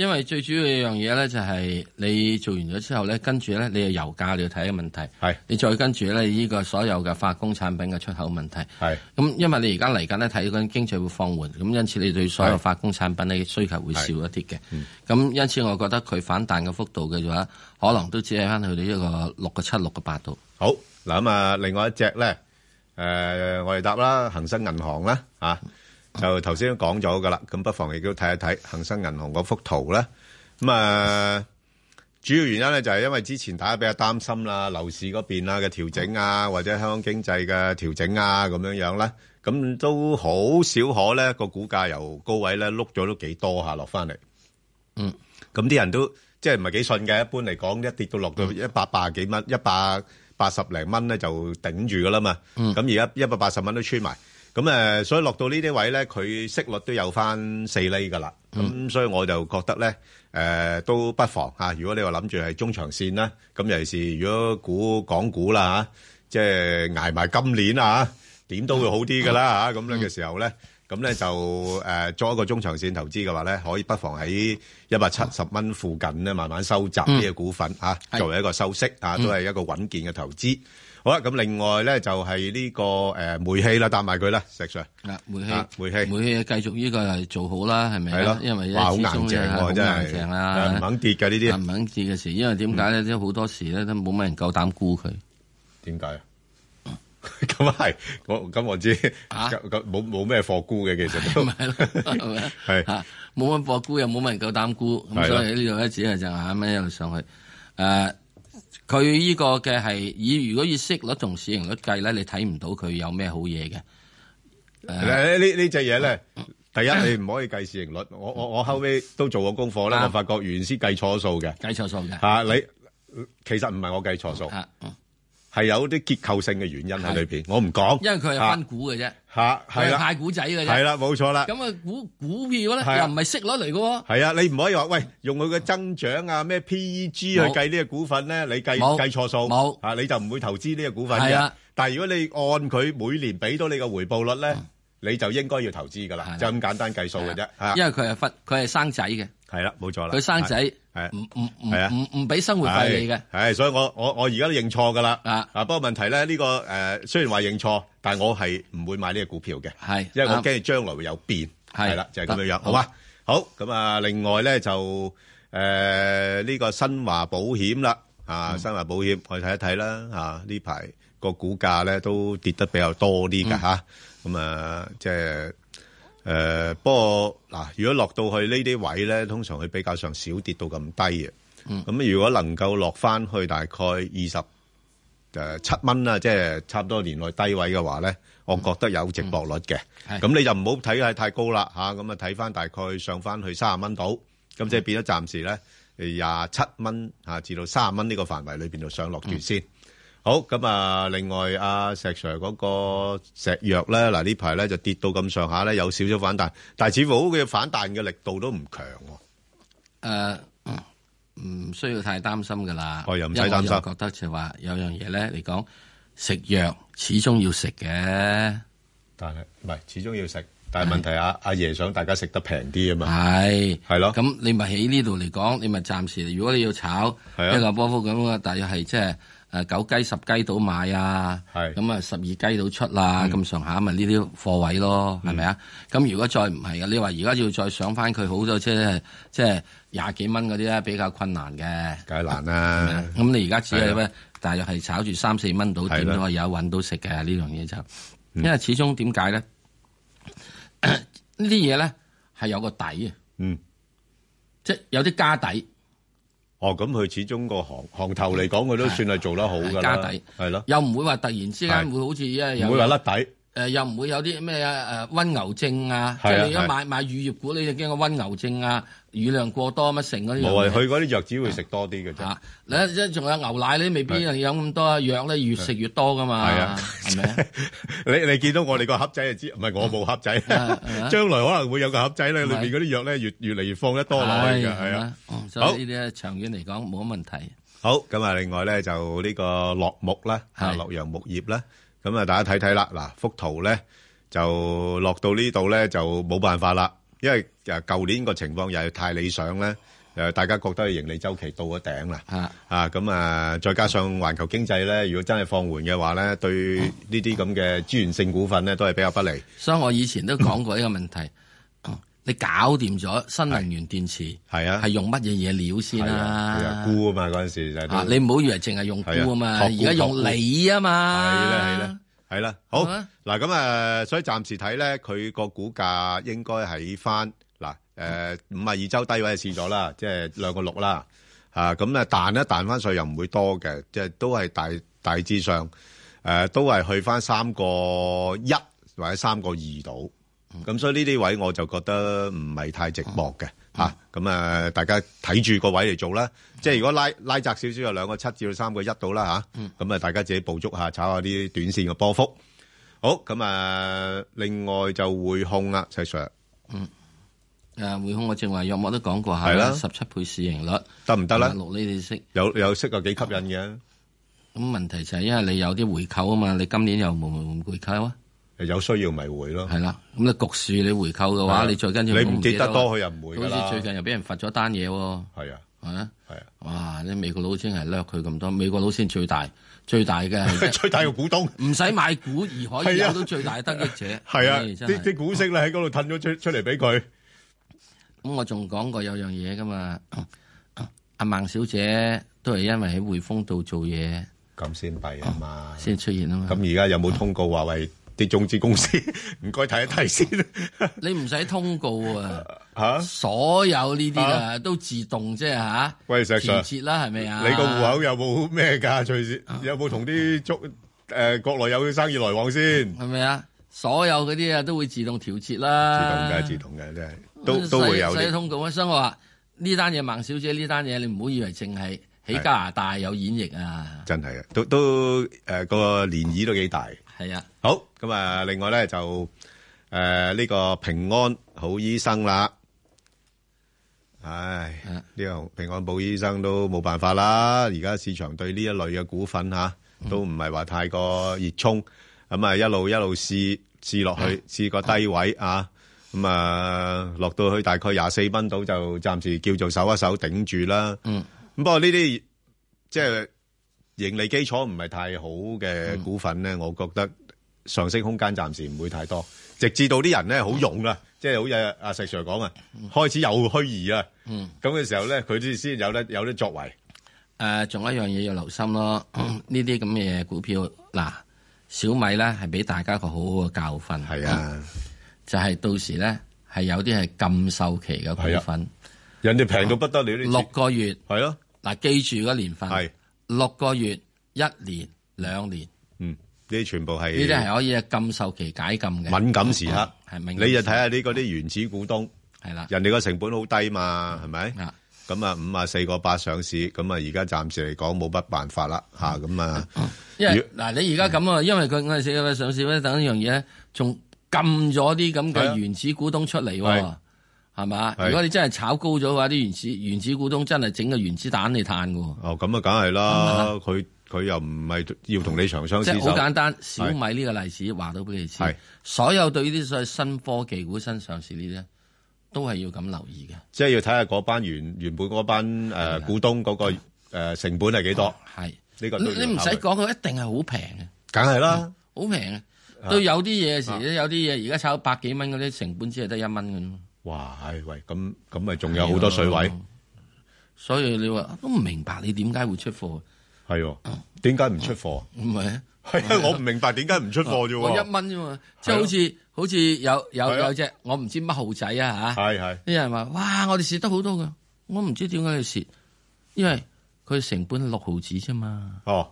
因為最主要一樣嘢咧，就係你做完咗之後咧，跟住咧你嘅油價你要睇嘅問題係，你再跟住咧呢、呢個所有嘅化工產品嘅出口問題係，咁因為你而家嚟緊咧睇緊經濟會放緩，咁因此你對所有化工產品嘅需求會少一啲嘅，咁、嗯、因此我覺得佢反彈嘅幅度嘅話，可能都只係翻去到一個六個七六個八度。好嗱咁啊，想想另外一隻咧，誒、呃，我哋答啦，恒生銀行啦，吓、啊。就頭先都講咗噶啦，咁不妨亦都睇一睇恒生銀行嗰幅圖啦。咁啊、呃，主要原因咧就係因為之前大家比較擔心啦，樓市嗰邊啊嘅調整啊，或者香港經濟嘅調整啊咁樣樣啦，咁都好少可咧個股價由高位咧碌咗都幾多下落翻嚟。嗯，咁啲人都即係唔係幾信嘅，一般嚟講一跌到落到一百八幾蚊，一百八十零蚊咧就頂住噶啦嘛。咁、嗯、而家一百八十蚊都穿埋。咁誒，所以落到呢啲位咧，佢息率都有翻四厘噶啦。咁所以我就覺得咧，誒都不妨嚇。如果你話諗住係中長線啦，咁尤其是如果股港股啦嚇，即係捱埋今年啊嚇，點都會好啲噶啦嚇。咁樣嘅時候咧，咁咧就誒做一個中長線投資嘅話咧，可以不妨喺一百七十蚊附近咧，慢慢收集呢個股份嚇，作為一個收息嚇，都係一個穩健嘅投資。好啦，咁另外咧就係呢個誒煤氣啦，搭埋佢啦，石 Sir。啊煤氣，煤氣，煤氣繼續呢個係做好啦，係咪？係咯，因為好硬淨，真係好硬淨啦。唔肯跌嘅呢啲，唔肯跌嘅事，因為點解咧？即係好多時咧都冇乜人夠膽沽佢。點解啊？咁啊係，我咁我知啊，冇冇咩貨沽嘅其實都係咪？係冇乜貨沽又冇乜人夠膽沽，咁所以呢度只係就啱啱一路上去誒。佢呢個嘅係以如果以息率同市盈率計咧，你睇唔到佢有咩好嘢嘅。誒、呃，呢呢隻嘢咧，第一、嗯、你唔可以計市盈率。嗯、我我我後尾都做過功課呢、嗯，我發覺原先計錯數嘅，計錯數嘅吓，你其實唔係我計錯數。嗯嗯嗯係有啲結構性嘅原因喺裏邊，我唔講，因為佢係分股嘅啫，吓，係啦，派股仔嘅啫，係啦，冇錯啦。咁啊，股股票咧又唔係息率嚟嘅，係啊，你唔可以話喂，用佢嘅增長啊咩 PEG 去計呢個股份咧，你計計錯數，冇啊，你就唔會投資呢個股份嘅。但係如果你按佢每年俾到你嘅回報率咧，你就應該要投資噶啦，就咁簡單計數嘅啫。因為佢係分，佢係生仔嘅。係啦，冇錯啦。佢生仔係唔唔唔唔唔俾生活費你嘅。係，所以我我我而家都認錯噶啦。啊，啊，不過問題咧呢個誒，雖然話認錯，但係我係唔會買呢個股票嘅。係，因為我驚將來會有變。係啦，就係咁樣樣，好嘛？好，咁啊，另外咧就誒呢個新華保險啦，啊新華保險，我哋睇一睇啦。啊，呢排個股價咧都跌得比較多啲噶吓。咁啊，即係。誒、呃，不過嗱，如果落到去呢啲位咧，通常佢比較上少跌到咁低嘅。咁、嗯、如果能夠落翻去大概二十誒七蚊啦，即、就、係、是、差唔多年內低位嘅話咧，我覺得有值博率嘅。咁、嗯、你就唔好睇係太高啦吓，咁啊睇翻大概上翻去卅蚊度，咁即係變咗暫時咧廿七蚊吓至到卅蚊呢個範圍裏邊就上落住先。嗯好咁啊！另外阿石 Sir 嗰個石藥咧，嗱呢排咧就跌到咁上下咧，有少少反彈，但係似乎佢嘅反彈嘅力度都唔強喎。誒、呃，唔需要太擔心噶啦。哦、又唔使擔心，我又覺得就話有樣嘢咧嚟講，食藥始終要食嘅。但係唔係始終要食，但係問題啊，阿爺想大家食得平啲啊嘛。係係咯。咁你咪喺呢度嚟講，你咪暫時。如果你要炒一個波幅咁啊，大約係即係。就是誒九雞十雞到買啊，咁啊十二雞到出啦，咁上下咪呢啲貨位咯，係咪啊？咁如果再唔係嘅，你話而家要再上翻佢好咗，即係即係廿幾蚊嗰啲咧，比較困難嘅，梗係難啦、啊。咁你而家只係咩？大約係炒住三四蚊到點都可以有揾到食嘅呢樣嘢就，因為始終點解咧？呢啲嘢咧係有個底嘅、嗯，即係有啲家底。哦，咁佢始終個行行頭嚟講，佢都算係做得好㗎啦，係咯，又唔會話突然之間會好似一，唔會話甩底。誒，又唔會有啲咩誒溫牛症啊？即係你一買買乳業股，你就驚個溫牛症啊？乳量過多乜成嗰啲？我係佢嗰啲藥只會食多啲嘅啫。嗱，即係仲有牛奶咧，未必啊有咁多藥咧，越食越多噶嘛。係啊，係咪啊？你你見到我哋個盒仔就知，唔係我冇盒仔，將來可能會有個盒仔咧，裏邊嗰啲藥咧越越嚟越放得多落去嘅，係啊。好，所以咧長遠嚟講冇乜問題。好，咁啊，另外咧就呢個落木啦，啊洛陽木業啦。咁啊，大家睇睇啦，嗱，幅圖咧就落到呢度咧就冇辦法啦，因為誒舊年個情況又係太理想咧，大家覺得係盈利周期到咗頂啦，啊咁啊，再加上環球經濟咧，如果真係放緩嘅話咧，對呢啲咁嘅資源性股份咧都係比較不利。所以我以前都講過呢個問題。 [laughs] 你搞掂咗新能源電池，係啊，係用乜嘢嘢料先啊？鈷啊嘛，嗰陣時就係，你唔好以為淨係用鈷啊嘛，而家用鋰啊嘛。係啦，係啦，係啦，好嗱咁啊，所以暫時睇咧，佢個股價應該喺翻嗱誒五啊二周低位試咗啦，即係兩個六啦吓，咁咧彈咧彈翻上又唔會多嘅，即係都係大大致上誒，都係去翻三個一或者三個二度。咁、嗯嗯、所以呢啲位我就覺得唔係太寂寞嘅，吓、嗯、咁啊，大家睇住個位嚟做啦、嗯。即係如果拉拉窄少少，有兩個七至到三個一度啦，吓、啊。咁、嗯、啊，大家自己捕捉下，炒下啲短綫嘅波幅。好，咁啊，另外就匯控啦，Sir。嗯。誒，匯控我正話約莫都講過係啦，十七倍市盈率得唔得啦？六呢啲息、啊、有有息啊，幾吸引嘅。咁、嗯、問題就係，因為你有啲回購啊嘛，你今年又冇冇回扣啊？有需要咪回咯，係啦。咁、嗯、你局勢，你回購嘅話，你最緊要你唔跌得多人回，佢又唔會噶。好似最近又俾人罰咗單嘢喎。係啊，係啊，哇！你美國佬先係掠佢咁多，美國佬先最大，最大嘅。最大嘅股東，唔使買股而可以攞到最大得益者。係啊，啲股息咧喺嗰度褪咗出出嚟俾佢。咁我仲講過有樣嘢噶嘛，阿、啊、孟、啊啊、小姐都係因為喺匯豐度做嘢，咁先弊啊嘛，先、啊、出現啊嘛。咁而家有冇通告華為？你中資公司唔該睇一睇先，你唔使通告啊，啊所有呢啲啊都自動喂，係嚇調節啦，係咪啊？你個戶口有冇咩噶？隨、啊、時有冇同啲中誒國內有生意來往先係咪啊？所有嗰啲啊都會自動調節啦，自動嘅自動嘅真係都、嗯、都會有。唔使通告啊！所以我話呢單嘢孟小姐呢單嘢，你唔好以為淨係喺加拿大有演繹啊！真係啊，都都誒、呃那個漣漪都幾大。嗯係啊，好咁啊！另外咧就誒呢個平安好醫生啦，唉呢個平安保醫生都冇辦法啦。而家市場對呢一類嘅股份吓，都唔係話太過熱衷，咁啊一路一路試試落去，試個低位啊，咁啊落到去大概廿四蚊度就暫時叫做守一手，頂住啦。嗯，咁不過呢啲即係，盈利基礎唔係太好嘅股份咧、嗯，我覺得上升空間暫時唔會太多，直至到啲人咧、就是、好勇啦，即係好似阿石 Sir 講啊，開始有虛擬啊，咁、嗯、嘅時候咧，佢先先有得有啲作為。誒、呃，仲有一樣嘢要留心咯，呢啲咁嘅股票，嗱小米咧係俾大家一個很好好嘅教訓，係啊，呃、就係、是、到時咧係有啲係禁售期嘅股份，是啊、人哋平到不得了，呢六個月係咯，嗱、啊、記住嗰年份係。六個月、一年、兩年，嗯，呢啲全部係呢啲係可以禁售期解禁嘅敏感時刻，係、嗯、敏感你就睇下呢嗰啲原始股東，係、嗯、啦，人哋個成本好低嘛，係、嗯、咪？咁啊五啊四個八上市，咁啊而家暫時嚟講冇乜辦法啦，嚇咁啊。因為嗱，你而家咁啊，因為佢五啊四個八上市咧，等一樣嘢，仲禁咗啲咁嘅原始股東出嚟喎。係嘛？如果你真係炒高咗嘅話，啲原始原始股東真係整個原子彈嚟嘆噶。哦，咁啊，梗係啦，佢佢又唔係要同你長相。即係好簡單，小米呢個例子話到俾你知，所有對呢啲所謂新科技股新上市呢啲，都係要咁留意嘅。即係要睇下嗰班原原本嗰班誒股、呃、東嗰個誒成本係幾多？係呢、這個你唔使講，佢一定係好平嘅。梗係啦，好平，都有啲嘢時有啲嘢而家炒百幾蚊嗰啲成本只係得一蚊噶。哇！喂，咁咁咪仲有好多水位，啊、所以你話都唔明白你點解會出貨？係喎、啊，點解唔出貨？唔、啊、係啊， [laughs] 啊，我唔明白點解唔出貨啫？我一蚊啫嘛，即係好似、啊、好似有有、啊、有隻我唔知乜號仔啊吓，係係啲人話哇，我哋蝕得好多噶，我唔知點解要蝕，因為佢成本六毫子啫嘛。哦，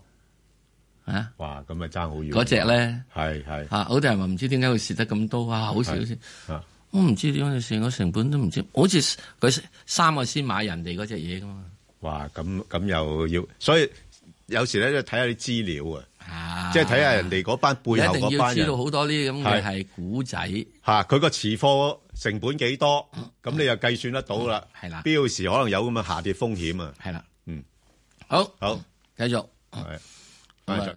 吓、啊、哇，咁咪爭好遠嗰隻咧，係係吓，好多人話唔知點解會蝕得咁多啊，好少先。我唔知點樣算，個成本都唔知，好似佢三個先買人哋嗰隻嘢噶嘛。哇，咁咁又要，所以有時咧都睇下啲資料啊，即係睇下人哋嗰班背後嗰班。你一定要知道好多啲咁嘅係故仔。吓，佢個持貨成本幾多，咁你又計算得到、嗯、啦。係啦，標時可能有咁嘅下跌風險啊。係啦，嗯，好，好，繼續。係。